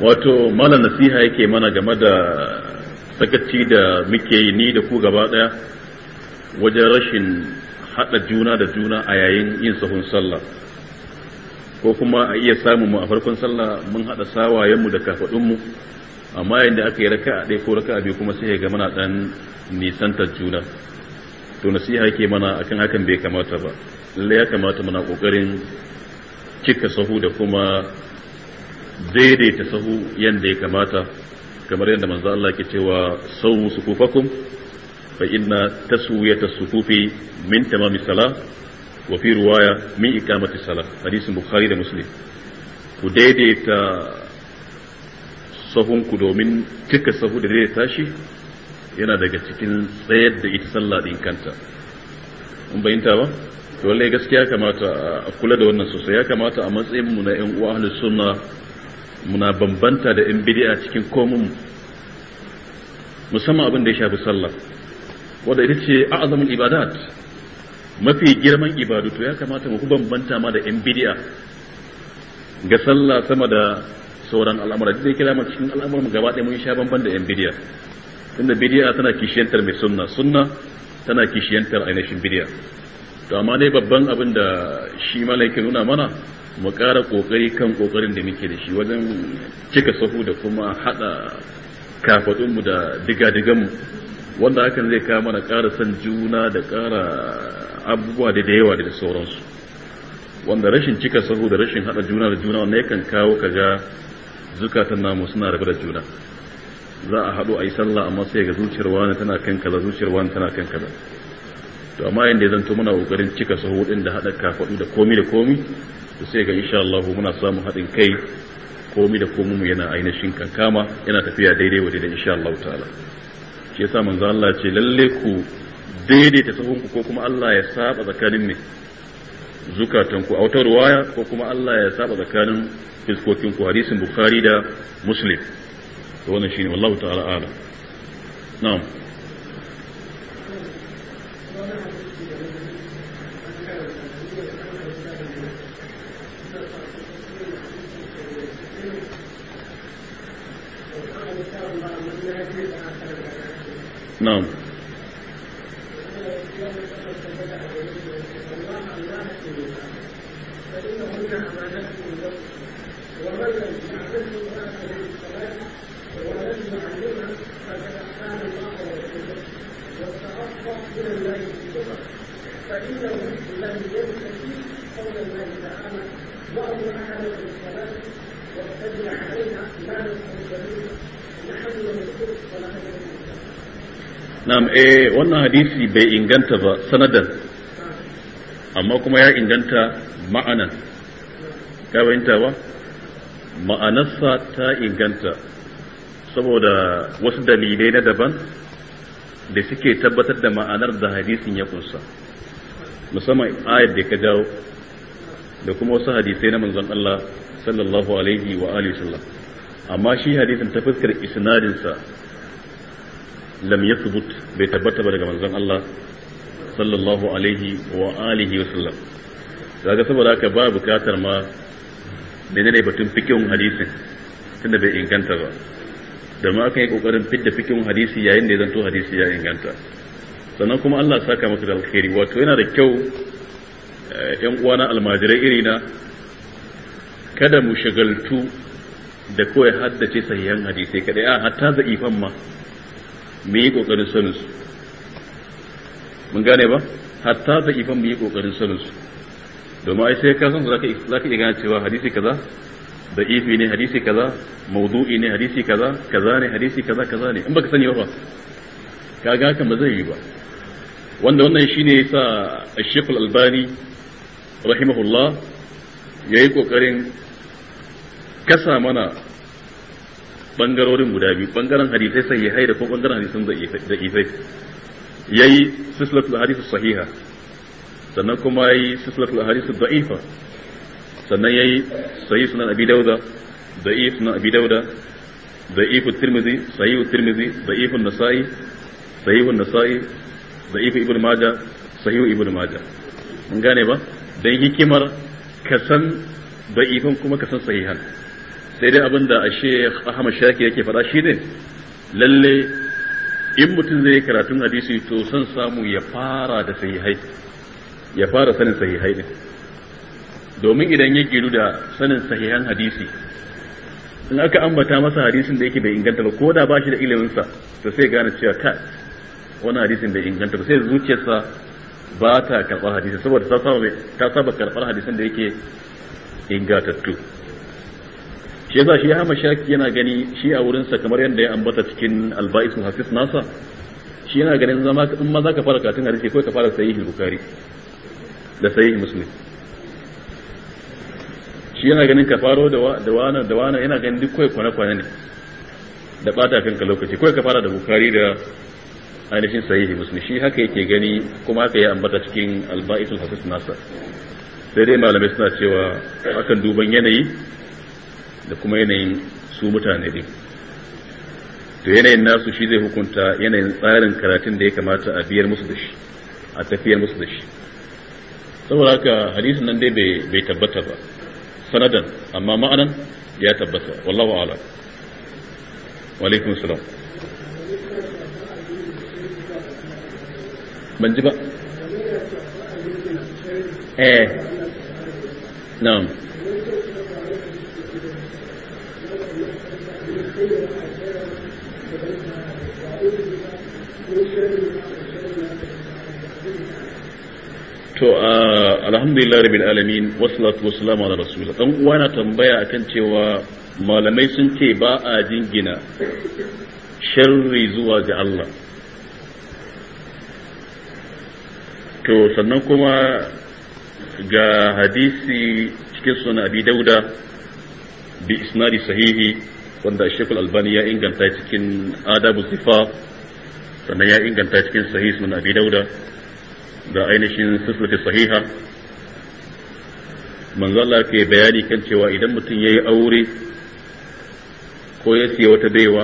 wato mala nasiha yake mana game da sakaci da muke yi ni da ku gaba daya wajen rashin hada juna da juna a yayin yin sahun sallah ko kuma a iya samun mu a farkon sallah mun hada sawayenmu da kafadunmu amma yayin da aka yi raka'a ɗaya ko raka'a biyu kuma sai ga mana dan nisantar juna to nasiha yake mana akan hakan bai kamata ba lallai ya kamata muna kokarin cika sahu da kuma daidaita sahu yadda ya kamata kamar yadda manzo Allah ke cewa sawu sukufakum fa inna taswiyata sukufi min tamami salah wa fi riwaya min ikamati salah hadisin bukhari da muslim ku daidaita ku domin cika sahu da daidaita shi yana daga cikin tsayar da ita sallah din kanta in bayyanta ba to gaskiya kamata a kula da wannan sosai ya kamata a matsayin mu na yan uwa ahlus sunna muna bambanta da yan bid'a cikin komun musamman abin da ya shafi sallah wanda ita ce a'zamul ibadat mafi girman ibadu to ya kamata mu bambanta ma da yan bid'a ga sallah sama da sauran al'amura duk da kira mu cikin al'amuran gaba ɗaya mun sha bamban da yan bid'a tunda bidiya tana kishiyantar mai sunna sunna tana kishiyantar ainihin bidiya to amma dai babban abin da shi malaikin nuna mana mu ƙara ƙoƙari kan ƙoƙarin da muke da shi wajen cika sahu da kuma haɗa kafaɗinmu da mu wanda hakan zai kawo mana ƙara san juna da ƙara abubuwa da yawa da sauransu wanda rashin cika sahu da rashin haɗa juna da juna wanda yakan kawo kaga zukatan namu suna rabu da juna za a haɗu a yi sallah amma sai ga zuciyar wani tana kan kaza zuciyar wani tana kan kaza to amma yadda zan to muna kokarin cika sahu din da hada kafadu da komi da komi to sai ga insha Allah muna samun haɗin kai komi da komi mu yana ainihin kankama yana tafiya daidai wa daidai insha Allah ta'ala shi yasa manzo Allah ce lalle ku daidaita sahun ku ko kuma Allah ya saba tsakanin ne zukatan ku ko kuma Allah ya saba tsakanin fiskokin ku hadisin Bukhari da Muslim to wannan ne wallahu ta'ala ala na'am naam. na'am eh wannan hadisi bai inganta ba sanadan amma kuma ya inganta ma'anan ka fahimta ba ma'anarsa ta inganta saboda wasu dalilai na daban da suke tabbatar da ma'anar da hadisin ya kunsa musamman ayar da ka jawo da kuma wasu hadisai na manzon Allah sallallahu alaihi wa alihi sallam amma shi hadisin ta fuskar isnadinsa lam yathbut bai tabbata ba daga manzon Allah sallallahu alaihi wa alihi wa sallam daga saboda haka ba bukatar ma menene batun fikihun hadisin tunda bai inganta ba da ma aka yi kokarin fidda fikin hadisi yayin da ya zanto hadisi ya inganta sannan kuma Allah saka masa da alkhairi wato yana da kyau eh, yan uwana almajirai irina kada mu shagaltu da kawai haddace sahihan hadisai kadai a hatta za'ifan ma mu yi kokarin sanin su mun gane ba hatta da ifan mu yi kokarin sanin su domin ai sai ka san za ka iya gane cewa hadisi kaza da ifi ne hadisi kaza mawdu'i ne hadisi kaza kaza ne hadisi kaza kaza ne in baka sani ba kaga hakan ba zai yi ba wanda wannan shine yasa Sheikh Al-Albani rahimahullah yayi kokarin kasa mana bangarorin guda biyu bangaren hadisai sahihai da kuma bangaren hadisan da ifai yayi sislatul hadith sahiha sannan kuma yayi sislatul hadith da'ifa sannan yayi sahih sunan abi dauda da'if sunan abi dauda da'if at-tirmidhi sahih at-tirmidhi da'if an-nasa'i sahih an-nasa'i da'if ibnu majah sahih ibnu majah mun gane ba dan hikimar ka san da'ifan kuma ka san sahihan sai dai abin da ashe Ahmad Shaki yake faɗa ne lalle in mutum zai karatun hadisi to son samu ya fara da sahihai ya fara sanin sahihai ne domin idan ya giru da sanin sahihan hadisi in aka ambata masa hadisin da yake bai inganta ba ko da ba shi da iliminsa to sai gane cewa ta wani hadisin bai inganta ba sai zuciyarsa ba ta karɓar hadisi saboda ta saba karɓar hadisin da yake ingantattu shi yasa shi hama shaki yana gani shi a wurin sa kamar yadda ya ambata cikin alba'is hafiz nasa shi yana ganin zama in ma zaka ka fara karatun hadisi ko ka fara sahihi bukari da sahihi muslim shi yana ganin ka faro da wani da wani yana ganin duk kawai kwane-kwane ne da bata kanka lokaci kawai ka fara da bukari da ainihin sahihi muslim shi haka yake gani kuma haka ya ambata cikin alba'is hafiz nasa sai dai malamai suna cewa akan duban yanayi da kuma yanayin su mutane din to yanayin nasu shi zai hukunta yanayin tsarin karatun da ya kamata a biyar musu da shi a tafiyar musu da shi saboda haka hadisin nan dai bai tabbata ba sanadan amma ma'anan ya tabbata wallahu ala wa alaikum salam ban ji ba eh na'am to alhamdulillah rabbil alamin wassalatu wassalamu ala rasulillah dan uwa na tambaya akan cewa malamai sun ce ba a jingina sharri zuwa ga Allah to sannan kuma ga hadisi cikin sunan abi dauda bi isnadi sahihi wanda shekul albani ya inganta cikin adabu sifa sannan ya inganta cikin sahih sunan abi dauda da ainihin sifirti sahiha manzo Allah ke bayani kan cewa idan mutum ya yi aure ko ya siya wata baiwa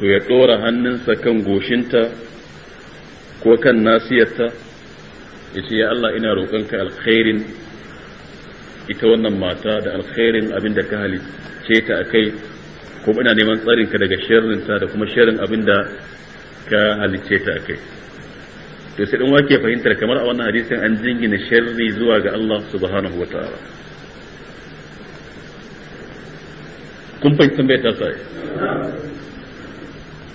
to ya ɗora hannunsa kan goshinta ko kan nasiyarta ya ce ya Allah ina roƙonka alkhairin ita wannan mata da alkhairin abin da ka halitta umarce ta kai kuma ina neman tsarin ka daga shirin ta da kuma shirin abin da ka halicce ta akai to sai dan wake fahimtar kamar a wannan hadisin an jingina shirin zuwa ga Allah subhanahu ta'ala kun fahimtar bai ta sai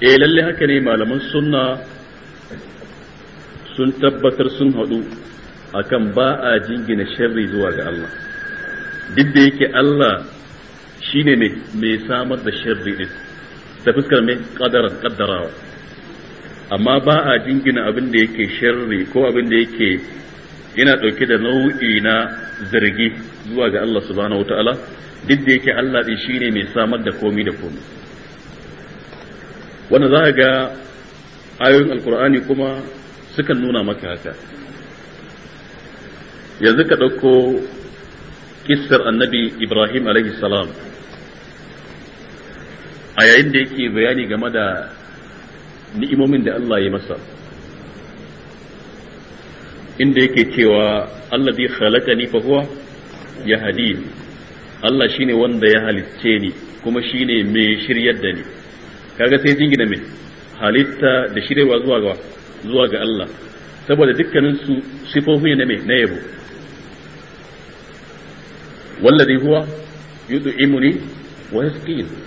eh lalle haka ne malaman sunna sun tabbatar sun haɗu akan ba a jingina shirri zuwa ga Allah duk da yake Allah Shi ne mai samar da sharri ɗin ta fuskar mai kadaran kaddarawa amma ba a jingina abin da yake sharri ko abin da yake yana dauke da nau'i na zargi zuwa ga Allah subhanahu ta'ala duk da yake Allah din ne mai samar da komi da komi wanda za ga ayoyin alkur'ani kuma sukan nuna maka haka yanzu ka ɗauko kissar annabi ibrahim alaihi salam a yayin da yake bayani game da ni'imomin da Allah ya masa inda yake cewa Allah zai halaka ni fahuwa ya hadi Allah shi ne wanda ya halicce ni kuma shi ne mai shiryar da ni kaga sai jingina mai halitta da shiryarwa zuwa ga zuwa ga Allah saboda dukkanin su sifofi ne mai na yabo wallazi huwa yud'imuni wa yasqini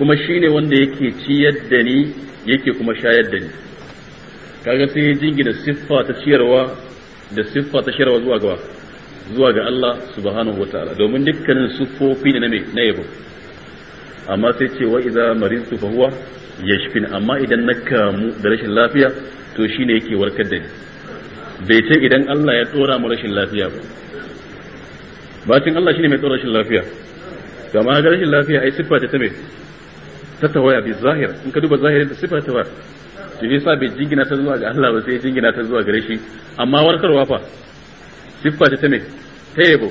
kuma shine wanda yake ciyar da ni yake kuma shayar da ni kaga sai ya jingina siffa ta ciyarwa da siffa ta ciyarwa zuwa ga zuwa ga Allah subhanahu wataala domin dukkanin siffofi ne na me na yabo amma sai ce wa idza maridtu fa huwa yashfin amma idan na kamu da rashin lafiya to shine yake warkar da ni bai ce idan Allah ya tsora mu rashin lafiya ba bacin Allah shine mai tsora rashin lafiya gama ga rashin lafiya ai siffa ta me ta tawaya bi zahir in ka duba zahirin ta sifa ta to yasa bai jingina ta zuwa ga Allah ba sai jingina ta zuwa gare shi amma warkarwa fa siffa ta me ta yabo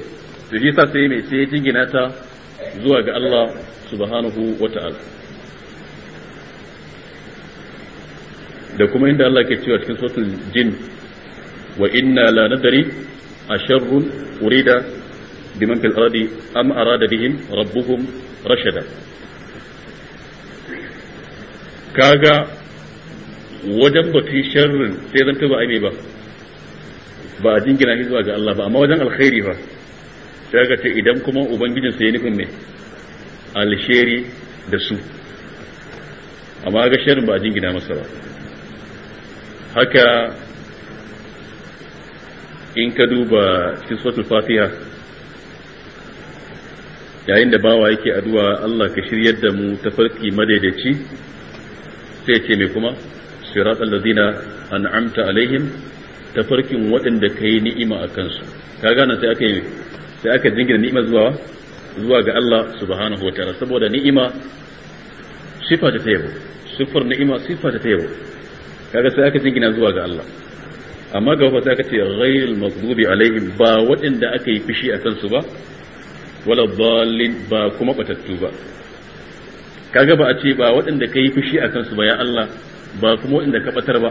to yasa sai mai sai jingina ta zuwa ga Allah subhanahu wata'ala da kuma inda Allah ke cewa cikin suratul jin wa inna la nadri asharrun urida biman fil ardi am arada bihim rabbuhum rashada kaga wajen batun sharrin sai zan ba ne ba ba a jingina shi zuwa ga Allah ba amma wajen alkhairi ba sai ga ce idan kuma ubangijin sai nufin ne alsheri da su amma ga sharrin ba a jingina masa ba haka in ka duba cikin suratul fatiha yayin da bawa yake addu'a Allah ka shiryar da mu tafarki madaidaici sai ce mai kuma sirat alladina an'amta alaihim tafarkin waɗanda ka yi ni'ima a kansu ka gane sai aka yi sai aka jingina ni'ima zuwa zuwa ga Allah subhanahu wa ta'ala saboda ni'ima sifa ta sifar ni'ima sifa ta kaga sai aka jingina zuwa ga Allah amma ga wata aka ce ghayril maghdubi alaihim ba waɗanda aka yi fishi a kansu ba wala ba kuma batattu ba kaga ba a ce ba waɗanda ka yi fushi a kansu ba ya Allah ba kuma waɗanda ka ɓatar ba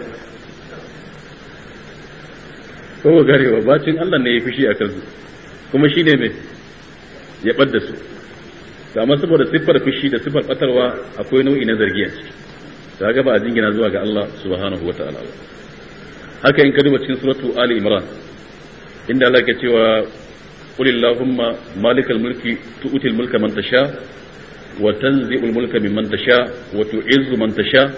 ko garewa bacin Allah ne ya yi fushi a kansu kuma shi ne mai ya ɓadda su amma saboda siffar fushi da siffar ɓatarwa akwai nau'i na zargi a ciki kaga ba a jingina zuwa ga Allah subhanahu wa ta'ala haka in ka duba cikin suratu ali imran inda Allah ke cewa qul illahumma malikal mulki tu'til mulka man tasha wa tanzi'ul mulka mimman tasha wa tu'izzu man tasha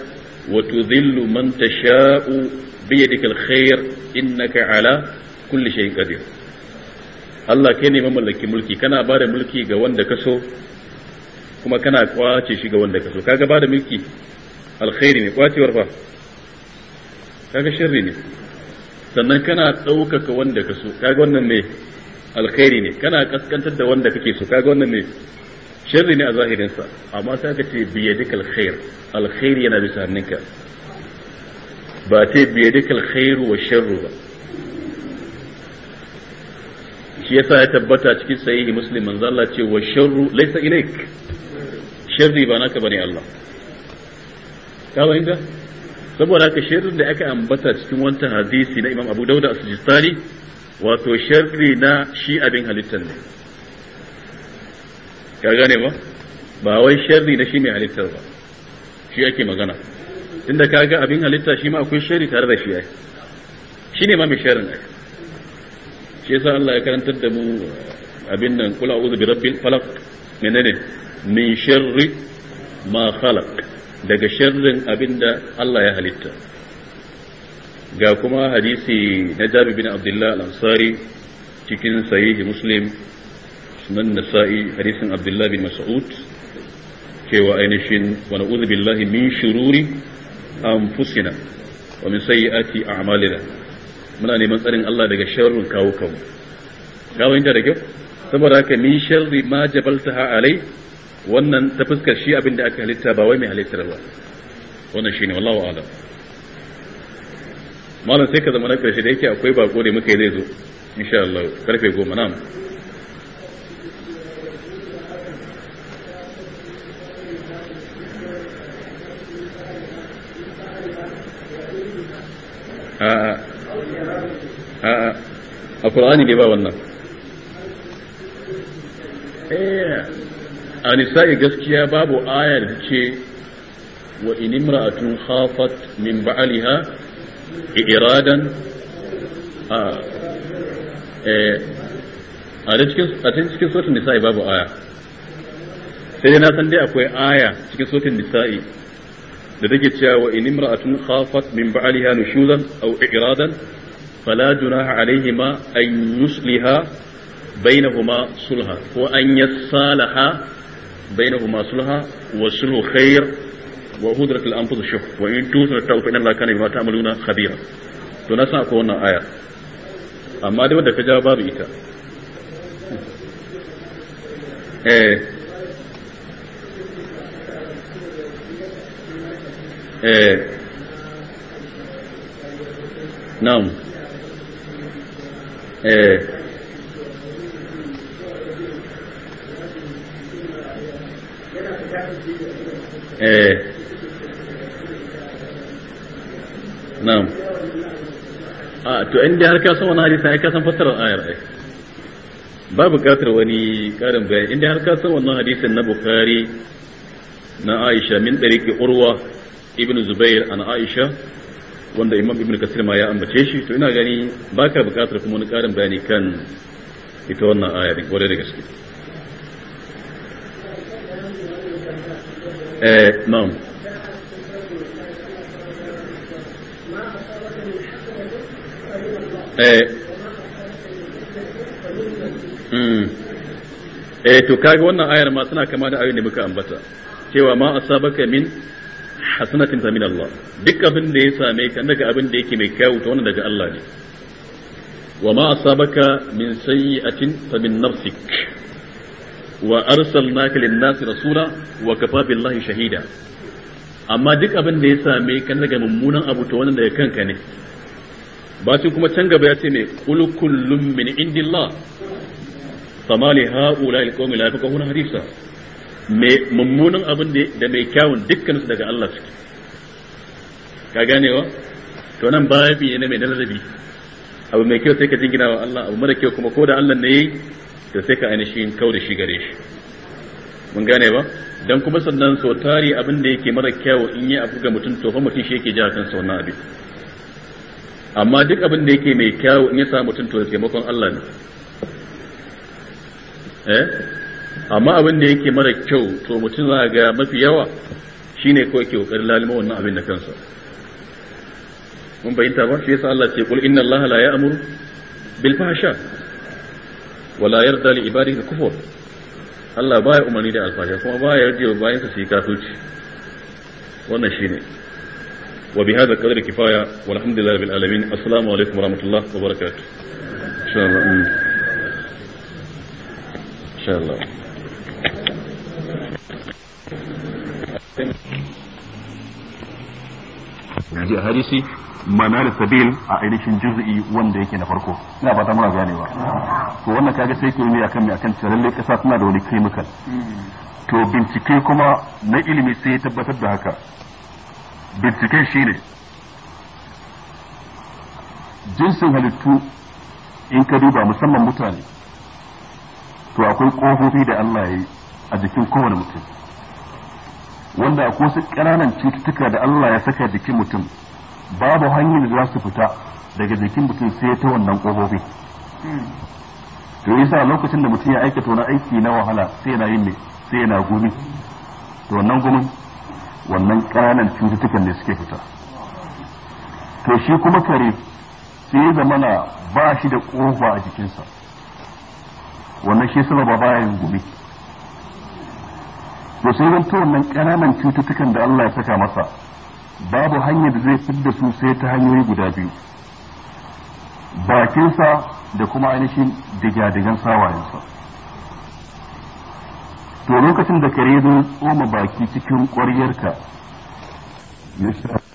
wa tudhillu man tasha'u bi yadika alkhair innaka ala kulli shay'in qadir Allah kai ne mulki kana ba mulki ga wanda ka so kuma kana kwace shi ga wanda ka so kaga ba da mulki alkhairi ne kwacewar fa kaga sharri ne sannan kana ɗaukaka wanda ka so kaga wannan ne alkhairi ne kana kaskantar da wanda kake so kaga wannan ne sharri ne a zahirinsa amma sai aka ce biyadika alkhair alkhair yana bisa hannunka ba ce biyadika alkhair wa sharru ba shi yasa ya tabbata cikin sahihi muslim manzo Allah ce wa sharru laysa ilaik sharri ba naka bane Allah ka fahimta saboda haka sharrin da aka ambata cikin wanta hadisi na Imam Abu Dawud as-Sijistani wato sharri na shi abin halittar ne ka gane ba ba wai sharri na shi mai halittar ba shi ake magana tunda ka ga abin halitta shi ma akwai sharri tare da shi ai shi ne ma mai sharrin ai shi yasa Allah ya karantar da mu uh, abin nan kula uzu bi rabbil falaq menene min sharri ma khalaq daga sharrin abinda Allah ya halitta ga kuma hadisi na Jabir bin Abdullah al-Ansari cikin sahihi Muslim sunan nasa'i hadisin abdullah bin mas'ud cewa ainihin wa na'udhu billahi min shururi anfusina wa min sayyiati a'malina muna neman tsarin Allah daga sharrin kawo kawo ga da kyau saboda haka min sharri ma jabaltaha alai wannan ta fuskar shi abin aka halitta ba wai mai halittar ba wannan shine wallahu a'lam malam sai ka zama na karshe da yake akwai bako da muka yi zai zo insha Allah karfe goma na. القرآن بباب النار إيه. أنساء قسك يا باب آية شيء وإن امرأة خافت من بعلها إرادا آه، آه، أتنسك صوت النساء باب آية سيدنا سندي أكوي آية تكي صوت النساء لذلك ان امرأة خافت من بعلها نشوذا أو إرادا fala junaha alaihima an yusliha bainahuma sulha ko an yassalaha bainahuma sulha wa sulhu khair wa hudrat al anfus shuh wa in tusra tawfa inna allaha kana bima ta'maluna khabira to na sa ko wannan aya amma wanda babu ita Na eh eh na'am a ah, to inda har ka san wani hadisi ai ka san fassarar ayar ai ba buƙatar wani ƙarin bayani inda har ka san wannan hadisin na bukhari na aisha min ɗariƙi urwa ibn zubair an aisha wanda imam ibn kasir ma ya ambace shi to ina gani baka bukatar kuma wani karin bayani kan ita wannan aya da kwarai da gaske eh, eh. Hmm. eh to kaga wannan ayar ma suna kama da ayoyin da muka ambata cewa ma asabaka min hasanatin fa min Allah duk abin da ya same ka daga abin da yake mai kyau ta wannan daga Allah ne wa ma asabaka min sayyi'atin fa min nafsik wa arsalnaka lin-nasi rasula wa kafa billahi shahida amma duk abin da ya same ka daga mummunan abu ta wannan daga kanka ne bacin kuma can gaba ya ce ne qul kullun min indillah famali ha'ula alqawmi la yafqahuna hadisa mai mummunan abin da mai kyawun su daga Allah suke ka wa to nan babi ne mai nazari abu mai kyau sai ka jingina wa Allah abu mara kyau kuma ko da Allah ne yi da sai ka ainihin kau da shi gare shi mun gane ba dan kuma sannan so tari abin da yake mara kyau in yi abu ga mutum to fa mutum shi yake ja sau wannan abin amma duk abin da yake mai kyau in ya sa mutum to da taimakon Allah ne eh amma abin da yake mara kyau to mutum za ga mafi yawa shine kawai ke kokarin lalima wannan abin da kansa mun bayyanta ba shi yasa Allah ce kul inna Allah la ya'muru bil fahsha wa la yarda li ibadihi al kufur Allah baya umarni da alfasha kuma baya yarda wa bayansa su yi kafirci wannan shine wa bi hadha qadri kifaya walhamdulillahi bil alamin assalamu alaikum wa rahmatullahi wa barakatuh insha Allah insha Allah ji a hadisi da sabil a ainihin juz'i wanda yake na farko ina ba ta muna ganewa to wannan kaga sai ke a akan me akan tsaralle kasa suna da wani chemical to bincike kuma na ilimi sai ya tabbatar da haka binciken ne jinsin halittu in ka duba musamman mutane to akwai kofofi da Allah ya yi a jikin kowane mutum wanda akwai wasu ƙananan cututtuka da Allah ya saka jikin mutum babu hanyar da za su fita daga jikin mutum sai ta wannan ƙofofi to yasa lokacin da mutum ya aikata wani aiki na wahala sai yana yin ne sai yana gumi to wannan gumi wannan ƙananan cututtukan ne suke fita to shi kuma kare sai ya zamana ba shi da ƙofa a jikinsa wannan shi sama ba bayan gumi to sai ta wannan ƙananan cututtukan da Allah ya saka masa babu hanyar da zai da su sai ta hanyoyi guda biyu bakinsa da kuma ainihin digadigan sawayensa to lokacin da kare zo tsoma baki cikin ƙwaryarka ya